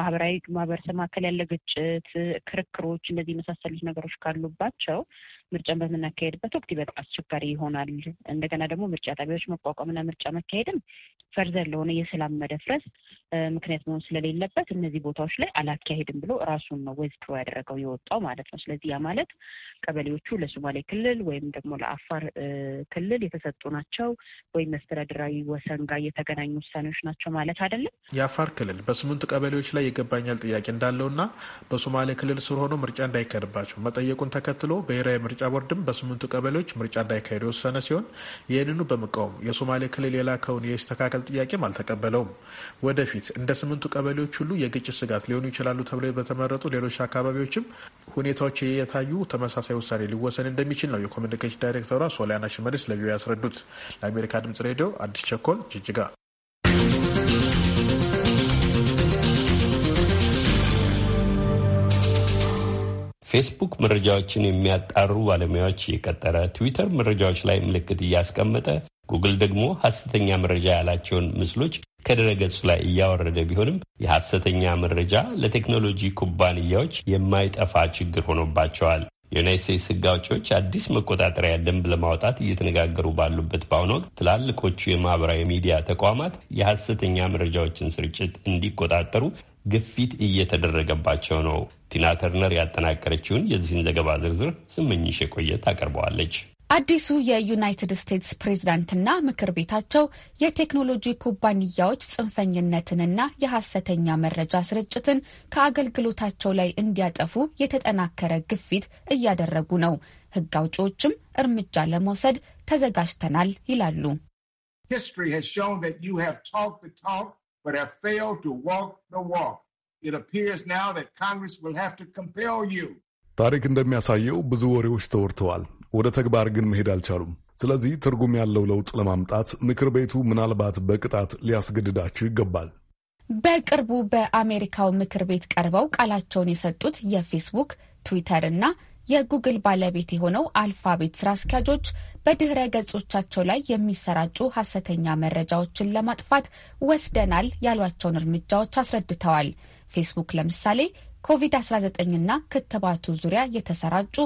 ማህበራዊ ማህበረሰብ መካከል ያለ ግጭት፣ ክርክሮች እንደዚህ የመሳሰሉት ነገሮች ካሉባቸው ምርጫን በምናካሄድበት ወቅት ይበጣ አስቸጋሪ ይሆናል። እንደገና ደግሞ ምርጫ ጣቢያዎች መቋቋምና ምርጫ መካሄድም ፈርዘር ለሆነ የሰላም መደፍረስ ምክንያት መሆን ስለሌለበት እነዚህ ቦታዎች ላይ አላካሄድም ብሎ ራሱን ነው ወዝድሮ ያደረገው የወጣው ማለት ነው። ስለዚህ ያ ማለት ቀበሌዎቹ ለሶማሌ ክልል ወይም ደግሞ ለአፋር ክልል የተሰጡ ናቸው ወይም መስተዳድራዊ ወሰን ጋር የተገናኙ ውሳኔዎች ናቸው ማለት አይደለም። የአፋር ክልል በስምንቱ ቀበሌዎች ላይ የገባኛል ጥያቄ እንዳለውና በሶማሌ ክልል ስር ሆኖ ምርጫ እንዳይካሄድባቸው መጠየቁን ተከትሎ ብሔራዊ ምርጫ ቦርድም በስምንቱ ቀበሌዎች ምርጫ እንዳይካሄድ የወሰነ ሲሆን ይህንኑ በመቃወም የሶማሌ ክልል የላከውን የስተካከል ጥያቄም አልተቀበለውም። ወደፊት እንደ ስምንቱ ቀበሌዎች ሁሉ የግጭት ስጋት ሊሆኑ ይችላሉ ተብሎ በተመረጡ ሌሎች አካባቢዎችም ሁኔታዎች የታዩ ተመሳሳይ ውሳኔ ሊወሰን እንደሚችል ነው የኮሚኒኬሽን ዳይሬክተሯ ሶሊያና ሽመልስ ለቪኦኤ ያስረዱት። ለአሜሪካ ድምጽ ሬዲዮ አዲስ ቸኮል ጅጅጋ ፌስቡክ መረጃዎችን የሚያጣሩ ባለሙያዎች የቀጠረ፣ ትዊተር መረጃዎች ላይ ምልክት እያስቀመጠ፣ ጉግል ደግሞ ሐሰተኛ መረጃ ያላቸውን ምስሎች ከድረገጹ ላይ እያወረደ ቢሆንም የሐሰተኛ መረጃ ለቴክኖሎጂ ኩባንያዎች የማይጠፋ ችግር ሆኖባቸዋል። የዩናይት ስቴትስ ሕግ አውጪዎች አዲስ መቆጣጠሪያ ደንብ ለማውጣት እየተነጋገሩ ባሉበት በአሁኑ ወቅት ትላልቆቹ የማህበራዊ ሚዲያ ተቋማት የሐሰተኛ መረጃዎችን ስርጭት እንዲቆጣጠሩ ግፊት እየተደረገባቸው ነው። ቲና ተርነር ያጠናቀረችውን የዚህን ዘገባ ዝርዝር ስመኝሽ የቆየ ታቀርበዋለች። አዲሱ የዩናይትድ ስቴትስ ፕሬዝዳንትና ምክር ቤታቸው የቴክኖሎጂ ኩባንያዎች ጽንፈኝነትንና የሐሰተኛ መረጃ ስርጭትን ከአገልግሎታቸው ላይ እንዲያጠፉ የተጠናከረ ግፊት እያደረጉ ነው። ሕግ አውጪዎችም እርምጃ ለመውሰድ ተዘጋጅተናል ይላሉ። but have failed to walk the walk. It appears now that Congress will have to compel you. ታሪክ እንደሚያሳየው ብዙ ወሬዎች ተወርተዋል፣ ወደ ተግባር ግን መሄድ አልቻሉም። ስለዚህ ትርጉም ያለው ለውጥ ለማምጣት ምክር ቤቱ ምናልባት በቅጣት ሊያስገድዳቸው ይገባል። በቅርቡ በአሜሪካው ምክር ቤት ቀርበው ቃላቸውን የሰጡት የፌስቡክ ትዊተር እና የጉግል ባለቤት የሆነው አልፋቤት ስራ አስኪያጆች በድህረ ገጾቻቸው ላይ የሚሰራጩ ሀሰተኛ መረጃዎችን ለማጥፋት ወስደናል ያሏቸውን እርምጃዎች አስረድተዋል። ፌስቡክ ለምሳሌ ኮቪድ-19ና ክትባቱ ዙሪያ የተሰራጩ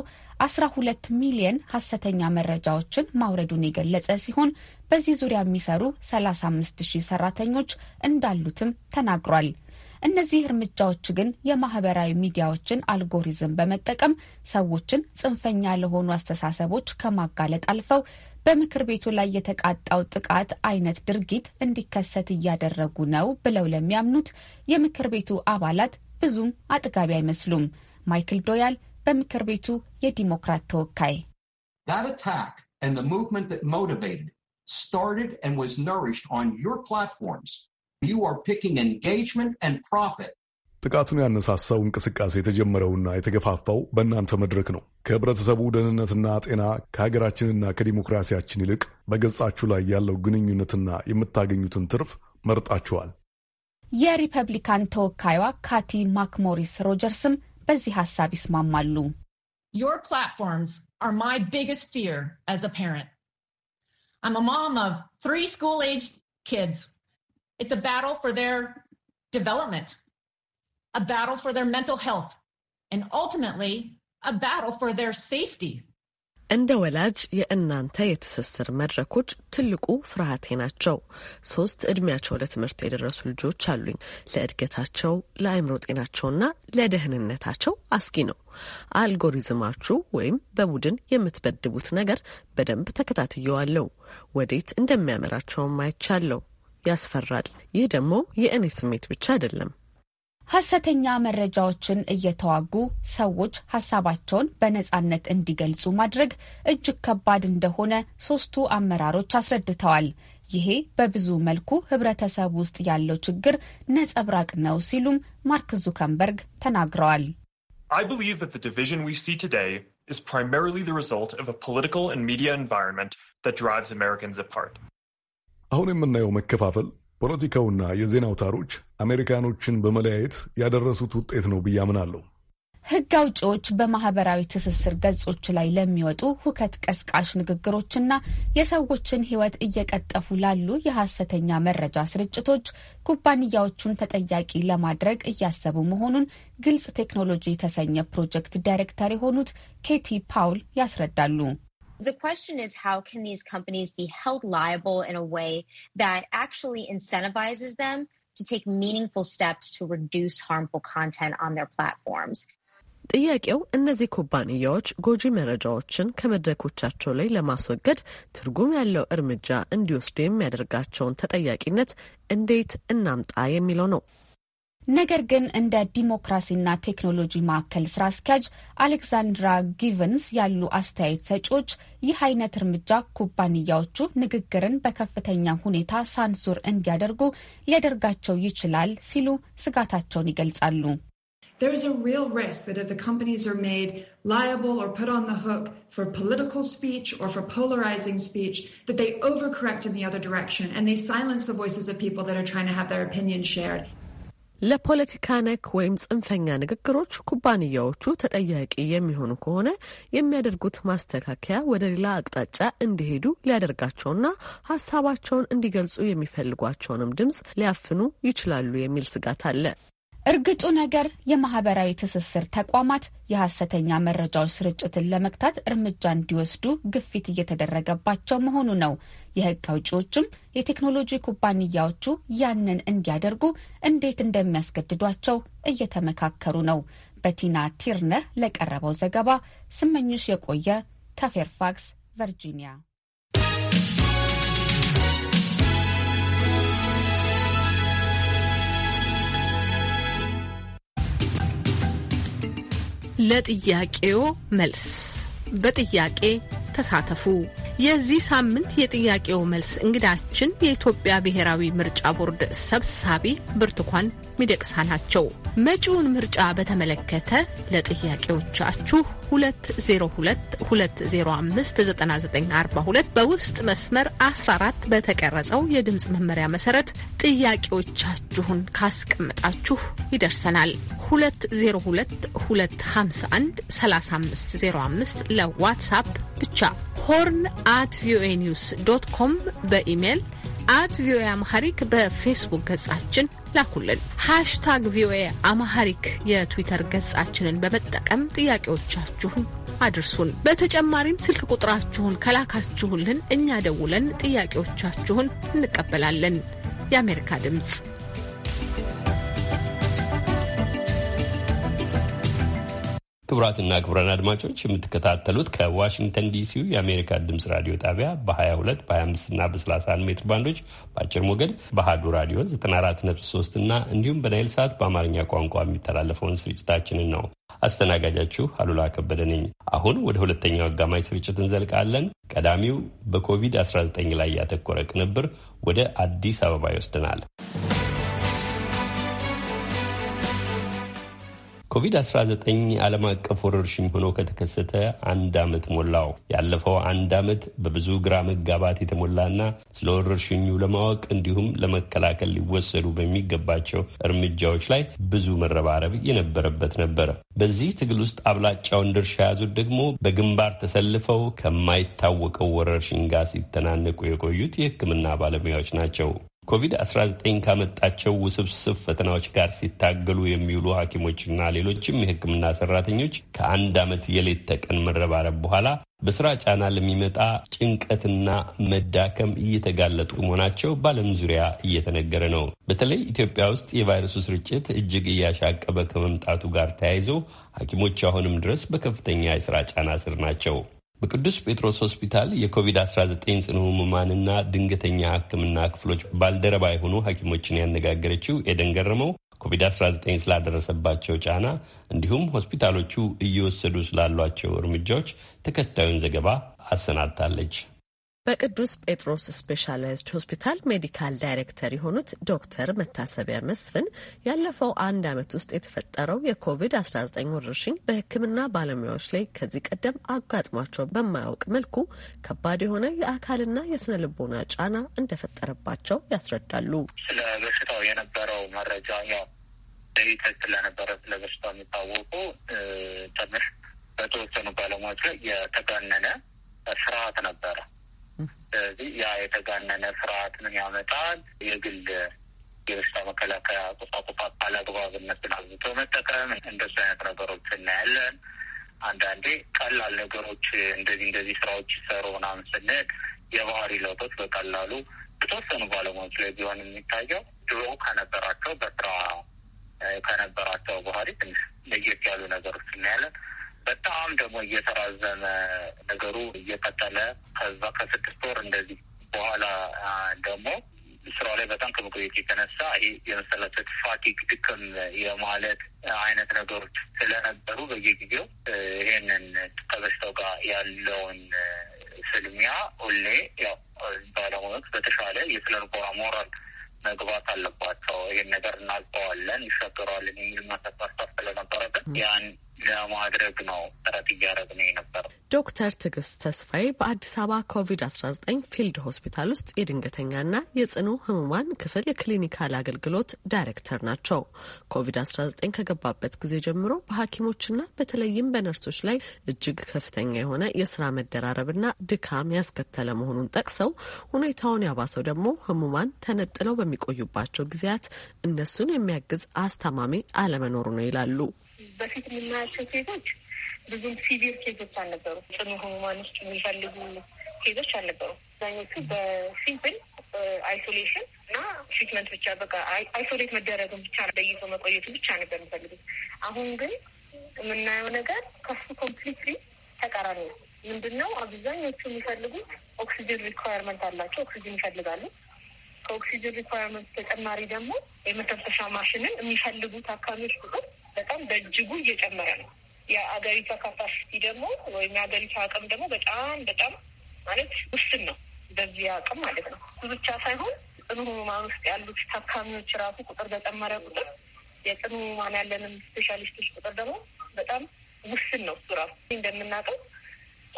12 ሚሊየን ሀሰተኛ መረጃዎችን ማውረዱን የገለጸ ሲሆን በዚህ ዙሪያ የሚሰሩ 35 ሺህ ሰራተኞች እንዳሉትም ተናግሯል። እነዚህ እርምጃዎች ግን የማህበራዊ ሚዲያዎችን አልጎሪዝም በመጠቀም ሰዎችን ጽንፈኛ ለሆኑ አስተሳሰቦች ከማጋለጥ አልፈው በምክር ቤቱ ላይ የተቃጣው ጥቃት አይነት ድርጊት እንዲከሰት እያደረጉ ነው ብለው ለሚያምኑት የምክር ቤቱ አባላት ብዙም አጥጋቢ አይመስሉም። ማይክል ዶያል በምክር ቤቱ የዲሞክራት ተወካይ፣ That started and was nourished on your platforms. you are picking engagement and profit. ጥቃቱን ያነሳሳው እንቅስቃሴ የተጀመረውና የተገፋፋው በእናንተ መድረክ ነው። ከህብረተሰቡ ደህንነትና ጤና ከሀገራችንና ከዲሞክራሲያችን ይልቅ በገጻችሁ ላይ ያለው ግንኙነትና የምታገኙትን ትርፍ መርጣችኋል። የሪፐብሊካን ተወካይዋ ካቲ ማክሞሪስ ሮጀርስም በዚህ ሀሳብ ይስማማሉ። Your platforms are my biggest fear as a parent. I'm a mom of three school-aged kids. It's a battle for their development, a battle for their mental health, and ultimately a battle for their safety. እንደ ወላጅ የእናንተ የትስስር መድረኮች ትልቁ ፍርሃቴ ናቸው። ሶስት እድሜያቸው ለትምህርት የደረሱ ልጆች አሉኝ። ለእድገታቸው፣ ለአእምሮ ጤናቸውና ለደህንነታቸው አስጊ ነው። አልጎሪዝማችሁ ወይም በቡድን የምትበድቡት ነገር በደንብ ተከታትየዋለሁ። ወዴት እንደሚያመራቸውም አይቻለሁ። ያስፈራል። ይህ ደግሞ የእኔ ስሜት ብቻ አይደለም። ሐሰተኛ መረጃዎችን እየተዋጉ ሰዎች ሀሳባቸውን በነጻነት እንዲገልጹ ማድረግ እጅግ ከባድ እንደሆነ ሶስቱ አመራሮች አስረድተዋል። ይሄ በብዙ መልኩ ህብረተሰብ ውስጥ ያለው ችግር ነጸብራቅ ነው ሲሉም ማርክ ዙከንበርግ ተናግረዋል። is primarily the result of a political and media environment that drives Americans apart. አሁን የምናየው መከፋፈል ፖለቲካውና የዜና አውታሮች አሜሪካኖችን በመለያየት ያደረሱት ውጤት ነው ብዬ አምናለሁ። ሕግ አውጪዎች በማህበራዊ ትስስር ገጾች ላይ ለሚወጡ ሁከት ቀስቃሽ ንግግሮችና የሰዎችን ሕይወት እየቀጠፉ ላሉ የሐሰተኛ መረጃ ስርጭቶች ኩባንያዎቹን ተጠያቂ ለማድረግ እያሰቡ መሆኑን ግልጽ ቴክኖሎጂ የተሰኘ ፕሮጀክት ዳይሬክተር የሆኑት ኬቲ ፓውል ያስረዳሉ። The question is how can these companies be held liable in a way that actually incentivizes them to take meaningful steps to reduce harmful content on their platforms? ጥያቄው እነዚህ ኩባንያዎች ጎጂ መረጃዎችን ከመድረኮቻቸው ላይ ለማስወገድ ትርጉም ያለው እርምጃ እንዲወስዱ የሚያደርጋቸውን ተጠያቂነት እንዴት እናምጣ የሚለው ነው። ነገር ግን እንደ ዲሞክራሲና ቴክኖሎጂ ማዕከል ስራ አስኪያጅ አሌክዛንድራ ጊቨንስ ያሉ አስተያየት ሰጪዎች ይህ አይነት እርምጃ ኩባንያዎቹ ንግግርን በከፍተኛ ሁኔታ ሳንሱር እንዲያደርጉ ሊያደርጋቸው ይችላል ሲሉ ስጋታቸውን ይገልጻሉ። There is a real risk that if the companies are made liable or put on the hook for political speech or for polarizing speech, that they overcorrect in the other direction and they silence the voices of people that are trying to have their opinion shared. ለፖለቲካ ነክ ወይም ጽንፈኛ ንግግሮች ኩባንያዎቹ ተጠያቂ የሚሆኑ ከሆነ የሚያደርጉት ማስተካከያ ወደ ሌላ አቅጣጫ እንዲሄዱ ሊያደርጋቸውና ሀሳባቸውን እንዲገልጹ የሚፈልጓቸውንም ድምፅ ሊያፍኑ ይችላሉ የሚል ስጋት አለ። እርግጡ ነገር የማህበራዊ ትስስር ተቋማት የሐሰተኛ መረጃዎች ስርጭትን ለመግታት እርምጃ እንዲወስዱ ግፊት እየተደረገባቸው መሆኑ ነው። የህግ አውጪዎችም የቴክኖሎጂ ኩባንያዎቹ ያንን እንዲያደርጉ እንዴት እንደሚያስገድዷቸው እየተመካከሩ ነው። በቲና ቲርነር ለቀረበው ዘገባ ስመኝሽ የቆየ ከፌርፋክስ ቨርጂኒያ። ለጥያቄው መልስ በጥያቄ ተሳተፉ የዚህ ሳምንት የጥያቄው መልስ እንግዳችን የኢትዮጵያ ብሔራዊ ምርጫ ቦርድ ሰብሳቢ ብርቱካን ሚደቅሳ ናቸው። መጪውን ምርጫ በተመለከተ ለጥያቄዎቻችሁ 2022059942 በውስጥ መስመር 14 በተቀረጸው የድምፅ መመሪያ መሰረት ጥያቄዎቻችሁን ካስቀምጣችሁ ይደርሰናል። 2022513505 ለዋትሳፕ ብቻ ሆርን አት ቪኦኤ ኒውስ ዶት ኮም በኢሜይል አት ቪኦኤ አማሐሪክ በፌስቡክ ገጻችን ላኩልን። ሃሽታግ ቪኦኤ አማሐሪክ የትዊተር ገጻችንን በመጠቀም ጥያቄዎቻችሁን አድርሱን። በተጨማሪም ስልክ ቁጥራችሁን ከላካችሁልን እኛ ደውለን ጥያቄዎቻችሁን እንቀበላለን። የአሜሪካ ድምፅ ክቡራትና ክቡራን አድማጮች የምትከታተሉት ከዋሽንግተን ዲሲው የአሜሪካ ድምፅ ራዲዮ ጣቢያ በ22 በ25ና በ31 ሜትር ባንዶች በአጭር ሞገድ በአሀዱ ራዲዮ 94.3 እና እንዲሁም በናይል ሰዓት በአማርኛ ቋንቋ የሚተላለፈውን ስርጭታችንን ነው። አስተናጋጃችሁ አሉላ ከበደ ነኝ። አሁን ወደ ሁለተኛው አጋማሽ ስርጭት እንዘልቃለን። ቀዳሚው በኮቪድ-19 ላይ ያተኮረ ቅንብር ወደ አዲስ አበባ ይወስደናል። ኮቪድ-19 ዓለም አቀፍ ወረርሽኝ ሆኖ ከተከሰተ አንድ ዓመት ሞላው። ያለፈው አንድ ዓመት በብዙ ግራ መጋባት የተሞላና ስለ ወረርሽኙ ለማወቅ እንዲሁም ለመከላከል ሊወሰዱ በሚገባቸው እርምጃዎች ላይ ብዙ መረባረብ የነበረበት ነበር። በዚህ ትግል ውስጥ አብላጫውን ድርሻ የያዙት ደግሞ በግንባር ተሰልፈው ከማይታወቀው ወረርሽኝ ጋር ሲተናነቁ የቆዩት የሕክምና ባለሙያዎች ናቸው። ኮቪድ-19 ካመጣቸው ውስብስብ ፈተናዎች ጋር ሲታገሉ የሚውሉ ሐኪሞችና ሌሎችም የሕክምና ሰራተኞች ከአንድ ዓመት የሌት ተቀን መረባረብ በኋላ በስራ ጫና ለሚመጣ ጭንቀትና መዳከም እየተጋለጡ መሆናቸው በዓለም ዙሪያ እየተነገረ ነው። በተለይ ኢትዮጵያ ውስጥ የቫይረሱ ስርጭት እጅግ እያሻቀበ ከመምጣቱ ጋር ተያይዞ ሐኪሞች አሁንም ድረስ በከፍተኛ የስራ ጫና ስር ናቸው። በቅዱስ ጴጥሮስ ሆስፒታል የኮቪድ-19 ጽኑ ህሙማንና ድንገተኛ ሕክምና ክፍሎች ባልደረባ የሆኑ ሐኪሞችን ያነጋገረችው ኤደን ገረመው ኮቪድ-19 ስላደረሰባቸው ጫና እንዲሁም ሆስፒታሎቹ እየወሰዱ ስላሏቸው እርምጃዎች ተከታዩን ዘገባ አሰናድታለች። በቅዱስ ጴጥሮስ ስፔሻላይዝድ ሆስፒታል ሜዲካል ዳይሬክተር የሆኑት ዶክተር መታሰቢያ መስፍን ያለፈው አንድ ዓመት ውስጥ የተፈጠረው የኮቪድ-19 ወረርሽኝ በሕክምና ባለሙያዎች ላይ ከዚህ ቀደም አጋጥሟቸው በማያውቅ መልኩ ከባድ የሆነ የአካልና የስነ ልቦና ጫና እንደፈጠረባቸው ያስረዳሉ። ስለ በሽታው የነበረው መረጃ ያው ስለነበረ ስለ በሽታው የሚታወቁ ትንሽ በተወሰኑ ባለሙያዎች ላይ የተጋነነ ስርዓት ነበረ። ስለዚህ ያ የተጋነነ ስርዓት ምን ያመጣል? የግል የበሽታ መከላከያ ቁሳቁስ አላግባብነትን አብዝቶ መጠቀም፣ እንደሱ አይነት ነገሮች እናያለን። አንዳንዴ ቀላል ነገሮች እንደዚህ እንደዚህ ስራዎች ይሰሩ ምናምን ስንል የባህሪ ለውጦች በቀላሉ የተወሰኑ ባለሙያዎች ላይ ቢሆን የሚታየው ድሮ ከነበራቸው በስራ ከነበራቸው ባህሪ ትንሽ ለየት ያሉ ነገሮች እናያለን። በጣም ደግሞ እየተራዘመ ነገሩ እየቀጠለ ከዛ ከስድስት ወር እንደዚህ በኋላ ደግሞ ስራው ላይ በጣም ከመቆየት የተነሳ ይሄ የመሰላቸት ፋቲግ ድክም የማለት አይነት ነገሮች ስለነበሩ በየጊዜው ይሄንን ከበሽታው ጋር ያለውን ስልሚያ ሁሌ ያው ባለሙያዎች በተሻለ የስነ ሞራል መግባት አለባቸው። ይህን ነገር እናልፈዋለን፣ ይሻገረዋለን የሚል ማሳሳብ ስለነበረበት ያን ለማድረግ ነው ጥረት እያደረግን የነበር። ዶክተር ትዕግስት ተስፋዬ በአዲስ አበባ ኮቪድ አስራ ዘጠኝ ፊልድ ሆስፒታል ውስጥ የድንገተኛና የጽኑ ህሙማን ክፍል የክሊኒካል አገልግሎት ዳይሬክተር ናቸው። ኮቪድ አስራ ዘጠኝ ከገባበት ጊዜ ጀምሮ በሐኪሞችና በተለይም በነርሶች ላይ እጅግ ከፍተኛ የሆነ የስራ መደራረብና ድካም ያስከተለ መሆኑን ጠቅሰው ሁኔታውን ያባሰው ደግሞ ህሙማን ተነጥለው በሚቆዩባቸው ጊዜያት እነሱን የሚያግዝ አስታማሚ አለመኖሩ ነው ይላሉ። በፊት የምናያቸው ኬዞች ብዙም ሲቪር ኬዞች አልነበሩ። ጽኑ ህሙማን ውስጥ የሚፈልጉ ኬዞች አልነበሩ። አብዛኞቹ በሲምፕል አይሶሌሽን እና ትሪትመንት ብቻ በቃ አይሶሌት መደረግን ብቻ ለይቶ መቆየቱ ብቻ ነበር የሚፈልጉት። አሁን ግን የምናየው ነገር ከሱ ኮምፕሊትሊ ተቃራኒ ነው። ምንድን ነው አብዛኞቹ የሚፈልጉት ኦክሲጅን ሪኳየርመንት አላቸው። ኦክሲጅን ይፈልጋሉ። ከኦክሲጅን ሪኳየርመንት ተጨማሪ ደግሞ የመተንፈሻ ማሽንን የሚፈልጉት አካባቢዎች ቁጥር በጣም በእጅጉ እየጨመረ ነው። የአገሪቷ ካፓሲቲ ደግሞ ወይም የአገሪቷ አቅም ደግሞ በጣም በጣም ማለት ውስን ነው። በዚህ አቅም ማለት ነው ብቻ ሳይሆን ጽኑ ህሙማን ውስጥ ያሉት ታካሚዎች ራሱ ቁጥር በጨመረ ቁጥር የጽኑ ህሙማን ያለንም ስፔሻሊስቶች ቁጥር ደግሞ በጣም ውስን ነው። እሱ ራሱ እንደምናውቀው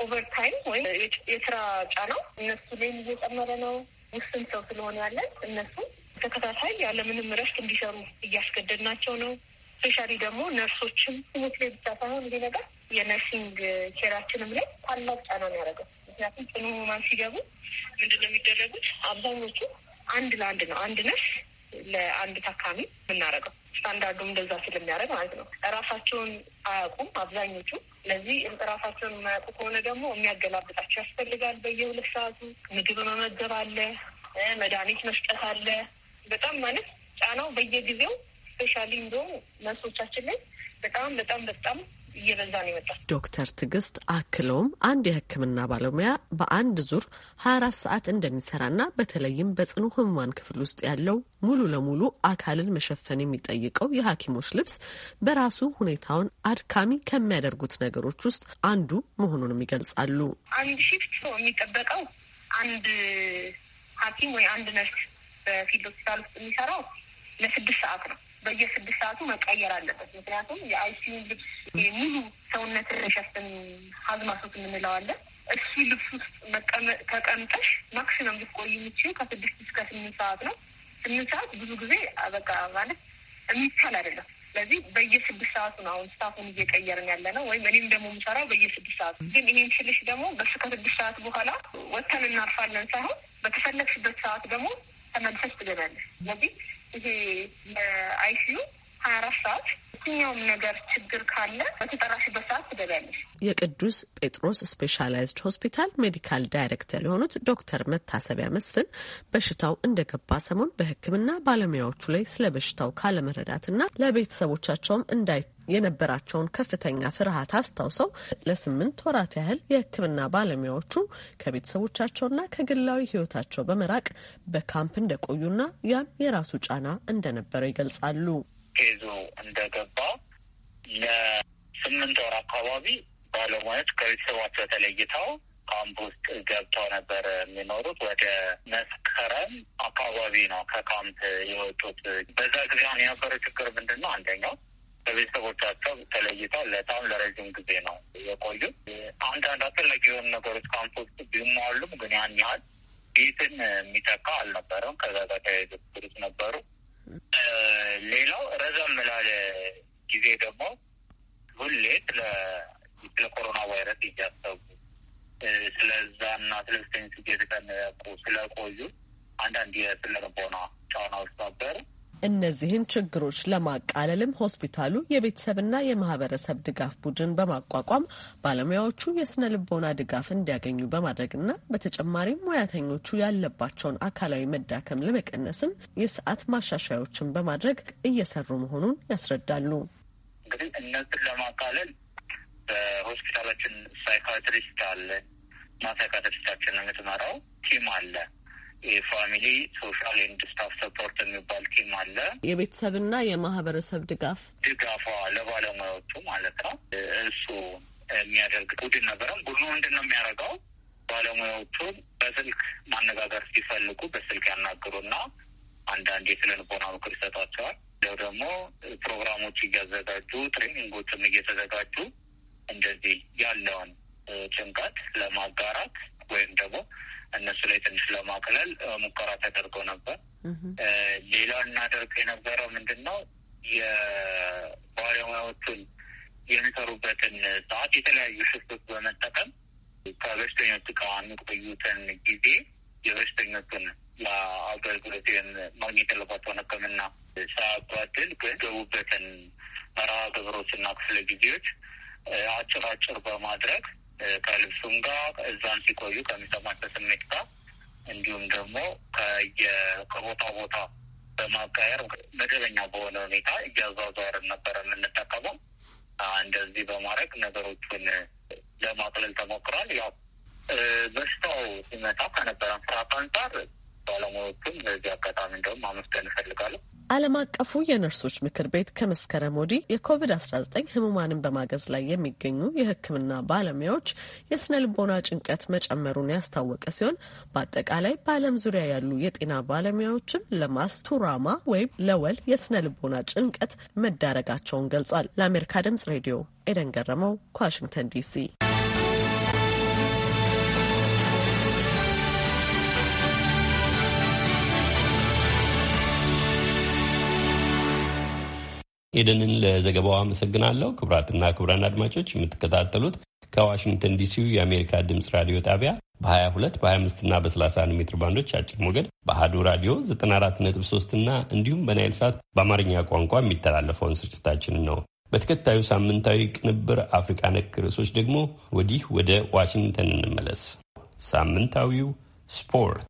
ኦቨርታይም ወይም የስራ ጫናው እነሱ ላይም እየጨመረ ነው። ውስን ሰው ስለሆነ ያለን እነሱ ተከታታይ ያለምንም እረፍት እንዲሰሩ እያስገደድናቸው ነው። ስፔሻሊ ደግሞ ነርሶችም ሙት ላይ ብቻ ሳይሆን ይሄ ነገር የነርሲንግ ኬራችንም ላይ ታላቅ ጫና ነው ያደረገው። ምክንያቱም ጽኑ ህሙማን ሲገቡ ምንድን ነው የሚደረጉት? አብዛኞቹ አንድ ለአንድ ነው አንድ ነርስ ለአንድ ታካሚ የምናደርገው ስታንዳርዱ እንደዛ ስለሚያደርግ ማለት ነው። ራሳቸውን አያውቁም አብዛኞቹ። ለዚህ ራሳቸውን የማያውቁ ከሆነ ደግሞ የሚያገላብጣቸው ያስፈልጋል። በየሁለት ሰዓቱ ምግብ መመገብ አለ፣ መድኃኒት መስጠት አለ። በጣም ማለት ጫናው በየጊዜው ስፔሻሊ እንዲሁም ነርሶቻችን ላይ በጣም በጣም በጣም እየበዛ ነው የመጣው። ዶክተር ትዕግስት አክለውም አንድ የሕክምና ባለሙያ በአንድ ዙር ሀያ አራት ሰዓት እንደሚሰራና በተለይም በጽኑ ህሙማን ክፍል ውስጥ ያለው ሙሉ ለሙሉ አካልን መሸፈን የሚጠይቀው የሐኪሞች ልብስ በራሱ ሁኔታውን አድካሚ ከሚያደርጉት ነገሮች ውስጥ አንዱ መሆኑንም ይገልጻሉ። አንድ ሺፍት የሚጠበቀው አንድ ሐኪም ወይ አንድ ነርስ በፊልድ ሆስፒታል ውስጥ የሚሰራው ለስድስት ሰዓት ነው በየስድስት ሰዓቱ መቀየር አለበት። ምክንያቱም የአይሲዩ ልብስ ሙሉ ሰውነት ሸፍን ሀዝማሶት የምንለዋለን እሱ ልብስ ውስጥ ተቀምጠሽ ማክሲመም ልትቆይ የምችው ከስድስት እስከ ስምንት ሰዓት ነው። ስምንት ሰዓት ብዙ ጊዜ በቃ ማለት የሚቻል አይደለም። ስለዚህ በየስድስት ሰዓቱ ነው አሁን ስታፉን እየቀየርን ያለ ነው። ወይም እኔም ደግሞ የምሰራው በየስድስት ሰዓቱ ግን ይሄን ስልሽ ደግሞ በሱ ከስድስት ሰዓት በኋላ ወተን እናርፋለን ሳይሆን በተፈለግሽበት ሰዓት ደግሞ ተመልሰሽ ትገባለሽ። ስለዚህ ይሄ በአይሲዩ ሀያ አራት ሰዓት የትኛውም ነገር ችግር ካለ በተጠራሽበት ሰዓት ትገቢያለሽ። የቅዱስ ጴጥሮስ ስፔሻላይዝድ ሆስፒታል ሜዲካል ዳይሬክተር የሆኑት ዶክተር መታሰቢያ መስፍን በሽታው እንደገባ ሰሞን በሕክምና ባለሙያዎቹ ላይ ስለ በሽታው ካለመረዳትና ለቤተሰቦቻቸውም እንዳይ የነበራቸውን ከፍተኛ ፍርሃት አስታውሰው ለስምንት ወራት ያህል የህክምና ባለሙያዎቹ ከቤተሰቦቻቸውና ከግላዊ ህይወታቸው በመራቅ በካምፕ እንደቆዩና ያም የራሱ ጫና እንደነበረው ይገልጻሉ። ተይዞ እንደገባ ለስምንት ወር አካባቢ ባለሙያዎች ከቤተሰባቸው ተለይተው ካምፕ ውስጥ ገብተው ነበር የሚኖሩት። ወደ መስከረም አካባቢ ነው ከካምፕ የወጡት። በዛ ጊዜ አሁን የነበረ ችግር ምንድን ነው? አንደኛው ከቤተሰቦቻቸው ተለይተው ለጣም ለረጅም ጊዜ ነው የቆዩት። አንዳንድ አስፈላጊ የሆኑ ነገሮች ካምፕ ውስጥ ቢሟሉም ግን ያን ያህል ቤትን የሚጠካ አልነበረም። ከዛ ጋር ተያይዘ ችግሮች ነበሩ። ሌላው ረዘም ላለ ጊዜ ደግሞ ሁሌ ስለ ኮሮና ቫይረስ እያሰቡ ስለዛ ስለዛና ስጌት እየተጠነቁ ስለቆዩ አንዳንድ የስነ ልቦና ጫናዎች ነበሩ። እነዚህን ችግሮች ለማቃለልም ሆስፒታሉ የቤተሰብና የማህበረሰብ ድጋፍ ቡድን በማቋቋም ባለሙያዎቹ የስነ ልቦና ድጋፍ እንዲያገኙ በማድረግና በተጨማሪም ሙያተኞቹ ያለባቸውን አካላዊ መዳከም ለመቀነስም የሰዓት ማሻሻያዎችን በማድረግ እየሰሩ መሆኑን ያስረዳሉ። እንግዲህ እነዚህን ለማቃለል በሆስፒታላችን ሳይካትሪስት አለ ማሳይካትሪስታችን ሳይካትሪስታችን የምትመራው ቲም አለ የፋሚሊ ሶሻል ኤንድ ስታፍ ሰፖርት የሚባል ቲም አለ። የቤተሰብና የማህበረሰብ ድጋፍ ድጋፏ ለባለሙያዎቹ ማለት ነው። እሱ የሚያደርግ ቡድን ነበረም። ቡድኑ ምንድን ነው የሚያደርገው? ባለሙያዎቹ በስልክ ማነጋገር ሲፈልጉ በስልክ ያናግሩና አንዳንዴ ስነ ልቦና ምክር ይሰጧቸዋል። ያው ደግሞ ፕሮግራሞች እያዘጋጁ ትሬኒንጎችም እየተዘጋጁ እንደዚህ ያለውን ጭንቀት ለማጋራት ወይም ደግሞ እነሱ ላይ ትንሽ ለማቅለል ሙከራ ተደርጎ ነበር። ሌላው እናደርግ የነበረው ምንድን ነው የባለሙያዎቹን የሚሰሩበትን ሰዓት የተለያዩ ሽፍቶች በመጠቀም ከበሽተኞቹ ጋር የሚቆዩትን ጊዜ የበሽተኞቹን ለአገልግሎት ማግኘት ያለባቸውን ሕክምና ሳያጓድል ገቡበትን መርሃ ግብሮች እና ክፍለ ጊዜዎች አጭር አጭር በማድረግ ከልብሱም ጋር እዛን ሲቆዩ ከሚሰማቸው ስሜት ጋር እንዲሁም ደግሞ ከቦታ ቦታ በማቃየር መደበኛ በሆነ ሁኔታ እያዟዟርን ነበረ የምንጠቀመው። እንደዚህ በማድረግ ነገሮቹን ለማቅለል ተሞክሯል። ያው በሽታው ሲመጣ ከነበረን ፍርሃት አንጻር ባለሙያዎቹም በዚህ አጋጣሚ እንደውም አመስገን እፈልጋለሁ። ዓለም አቀፉ የነርሶች ምክር ቤት ከመስከረም ወዲህ የኮቪድ-19 ህሙማንን በማገዝ ላይ የሚገኙ የሕክምና ባለሙያዎች የስነ ልቦና ጭንቀት መጨመሩን ያስታወቀ ሲሆን በአጠቃላይ በዓለም ዙሪያ ያሉ የጤና ባለሙያዎችም ለማስቱራማ ወይም ለወል የስነ ልቦና ጭንቀት መዳረጋቸውን ገልጿል። ለአሜሪካ ድምጽ ሬዲዮ ኤደን ገረመው ከዋሽንግተን ዲሲ ኤደንን ለዘገባው አመሰግናለሁ። ክቡራትና ክቡራን አድማጮች የምትከታተሉት ከዋሽንግተን ዲሲው የአሜሪካ ድምፅ ራዲዮ ጣቢያ በ22 በ25 እና በ31 ሜትር ባንዶች አጭር ሞገድ በአህዱ ራዲዮ 94.3 እና እንዲሁም በናይል ሳት በአማርኛ ቋንቋ የሚተላለፈውን ስርጭታችንን ነው። በተከታዩ ሳምንታዊ ቅንብር አፍሪካ ነክ ርዕሶች ደግሞ ወዲህ ወደ ዋሽንግተን እንመለስ። ሳምንታዊው ስፖርት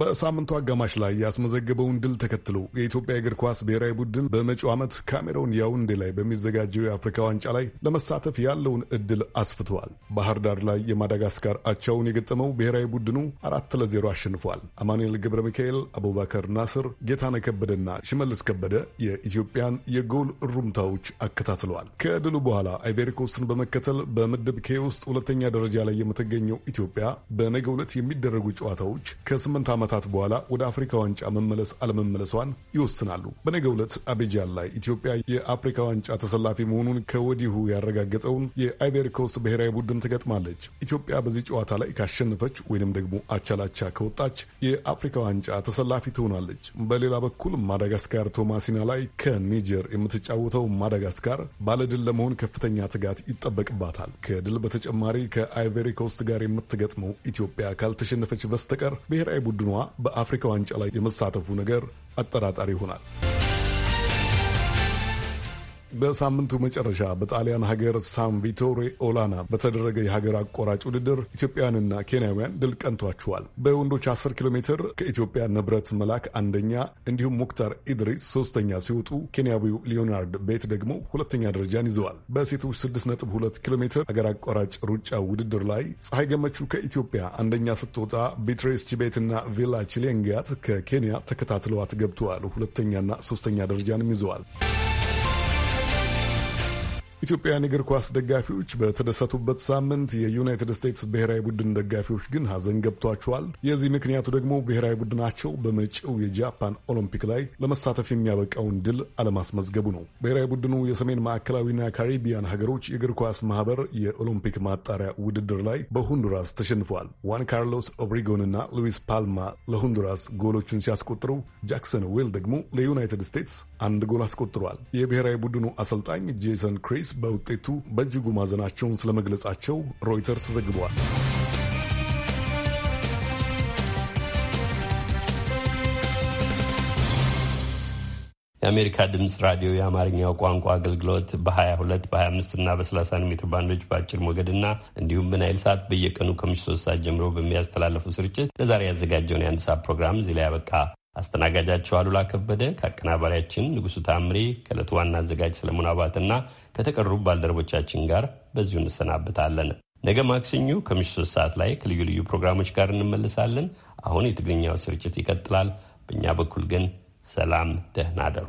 በሳምንቱ አጋማሽ ላይ ያስመዘገበውን ድል ተከትሎ የኢትዮጵያ እግር ኳስ ብሔራዊ ቡድን በመጪው ዓመት ካሜሮን ያውንዴ ላይ በሚዘጋጀው የአፍሪካ ዋንጫ ላይ ለመሳተፍ ያለውን እድል አስፍተዋል። ባህር ዳር ላይ የማዳጋስካር አቻውን የገጠመው ብሔራዊ ቡድኑ አራት ለዜሮ አሸንፏል። አማኑኤል ገብረ ሚካኤል፣ አቡባከር ናስር፣ ጌታነ ከበደና ሽመልስ ከበደ የኢትዮጵያን የጎል እሩምታዎች አከታትለዋል። ከድሉ በኋላ አይቬሪኮስትን በመከተል በምድብ ኬ ውስጥ ሁለተኛ ደረጃ ላይ የምትገኘው ኢትዮጵያ በነገ ዕለት የሚደረጉ ጨዋታዎች ከስምንት ዓመታት በኋላ ወደ አፍሪካ ዋንጫ መመለስ አለመመለሷን ይወስናሉ። በነገ ዕለት አቤጃን ላይ ኢትዮጵያ የአፍሪካ ዋንጫ ተሰላፊ መሆኑን ከወዲሁ ያረጋገጠውን የአይቨሪ ኮስት ብሔራዊ ቡድን ትገጥማለች። ኢትዮጵያ በዚህ ጨዋታ ላይ ካሸነፈች ወይንም ደግሞ አቻላቻ ከወጣች የአፍሪካ ዋንጫ ተሰላፊ ትሆናለች። በሌላ በኩል ማዳጋስካር ቶማሲና ላይ ከኒጀር የምትጫወተው ማዳጋስካር ባለድል ለመሆን ከፍተኛ ትጋት ይጠበቅባታል። ከድል በተጨማሪ ከአይቨሪ ኮስት ጋር የምትገጥመው ኢትዮጵያ ካልተሸነፈች በስተቀር ብሔራዊ ቡድኑ በአፍሪካ ዋንጫ ላይ የመሳተፉ ነገር አጠራጣሪ ይሆናል። በሳምንቱ መጨረሻ በጣሊያን ሀገር ሳን ቪቶሬ ኦላና በተደረገ የሀገር አቋራጭ ውድድር ኢትዮጵያውያንና ኬንያውያን ድል ቀንቷቸዋል። በወንዶች 10 ኪሎ ሜትር ከኢትዮጵያ ንብረት መላክ አንደኛ፣ እንዲሁም ሙክታር ኢድሪስ ሶስተኛ ሲወጡ ኬንያዊው ሊዮናርድ ቤት ደግሞ ሁለተኛ ደረጃን ይዘዋል። በሴቶች 6.2 ኪሎ ሜትር ሀገር አቋራጭ ሩጫ ውድድር ላይ ፀሐይ ገመቹ ከኢትዮጵያ አንደኛ ስትወጣ ቢትሬስ ቺቤትና ቪላ ቺሌንጋት ከኬንያ ተከታትለዋት ገብተዋል። ሁለተኛና ሶስተኛ ደረጃንም ይዘዋል። ኢትዮጵያውያን እግር ኳስ ደጋፊዎች በተደሰቱበት ሳምንት የዩናይትድ ስቴትስ ብሔራዊ ቡድን ደጋፊዎች ግን ሀዘን ገብቷቸዋል። የዚህ ምክንያቱ ደግሞ ብሔራዊ ቡድናቸው በመጪው የጃፓን ኦሎምፒክ ላይ ለመሳተፍ የሚያበቃውን ድል አለማስመዝገቡ ነው። ብሔራዊ ቡድኑ የሰሜን ማዕከላዊና ካሪቢያን ሀገሮች የእግር ኳስ ማህበር የኦሎምፒክ ማጣሪያ ውድድር ላይ በሆንዱራስ ተሸንፏል። ዋን ካርሎስ ኦብሪጎንና ሉዊስ ፓልማ ለሆንዱራስ ጎሎቹን ሲያስቆጥሩ ጃክሰን ዌል ደግሞ ለዩናይትድ ስቴትስ አንድ ጎል አስቆጥሯል። የብሔራዊ ቡድኑ አሰልጣኝ ጄሰን ክሪስ በውጤቱ በእጅጉ ማዘናቸውን ስለመግለጻቸው ሮይተርስ ዘግቧል። የአሜሪካ ድምፅ ራዲዮ የአማርኛው ቋንቋ አገልግሎት በ22 በ25 እና በ 30 ሜትር ባንዶች በአጭር ሞገድና እንዲሁም በናይል ሰዓት በየቀኑ ከምሽቱ 3 ሰዓት ጀምሮ በሚያስተላለፉ ስርጭት ለዛሬ ያዘጋጀውን የአንድ ሰዓት ፕሮግራም እዚህ ላይ ያበቃ። አስተናጋጃቸው አሉላ ከበደ ከአቀናባሪያችን ንጉሱ ታምሬ ከእለቱ ዋና አዘጋጅ ሰለሞን አባትና ከተቀሩ ባልደረቦቻችን ጋር በዚሁ እንሰናብታለን። ነገ ማክሰኞ ከምሽቱ ሶስት ሰዓት ላይ ከልዩ ልዩ ፕሮግራሞች ጋር እንመልሳለን። አሁን የትግርኛው ስርጭት ይቀጥላል። በእኛ በኩል ግን ሰላም፣ ደህና አደሩ።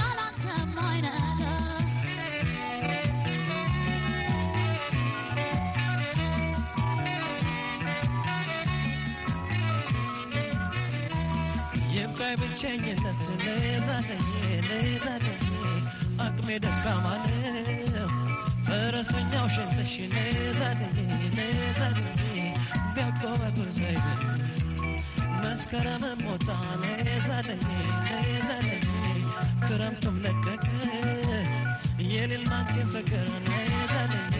ብቸኝነት ለዛለኝ ለዛለኝ አቅሜ ደካማ ነው ፈረሰኛው ሸንተሽ ለዛለኝ ለዛለኝ ቢያቆመቱን መስከረም ሞታ ለዛለኝ ለዛለኝ ክረምቱም ለቀቀ የሌላንችን ፍቅር ለዛለኝ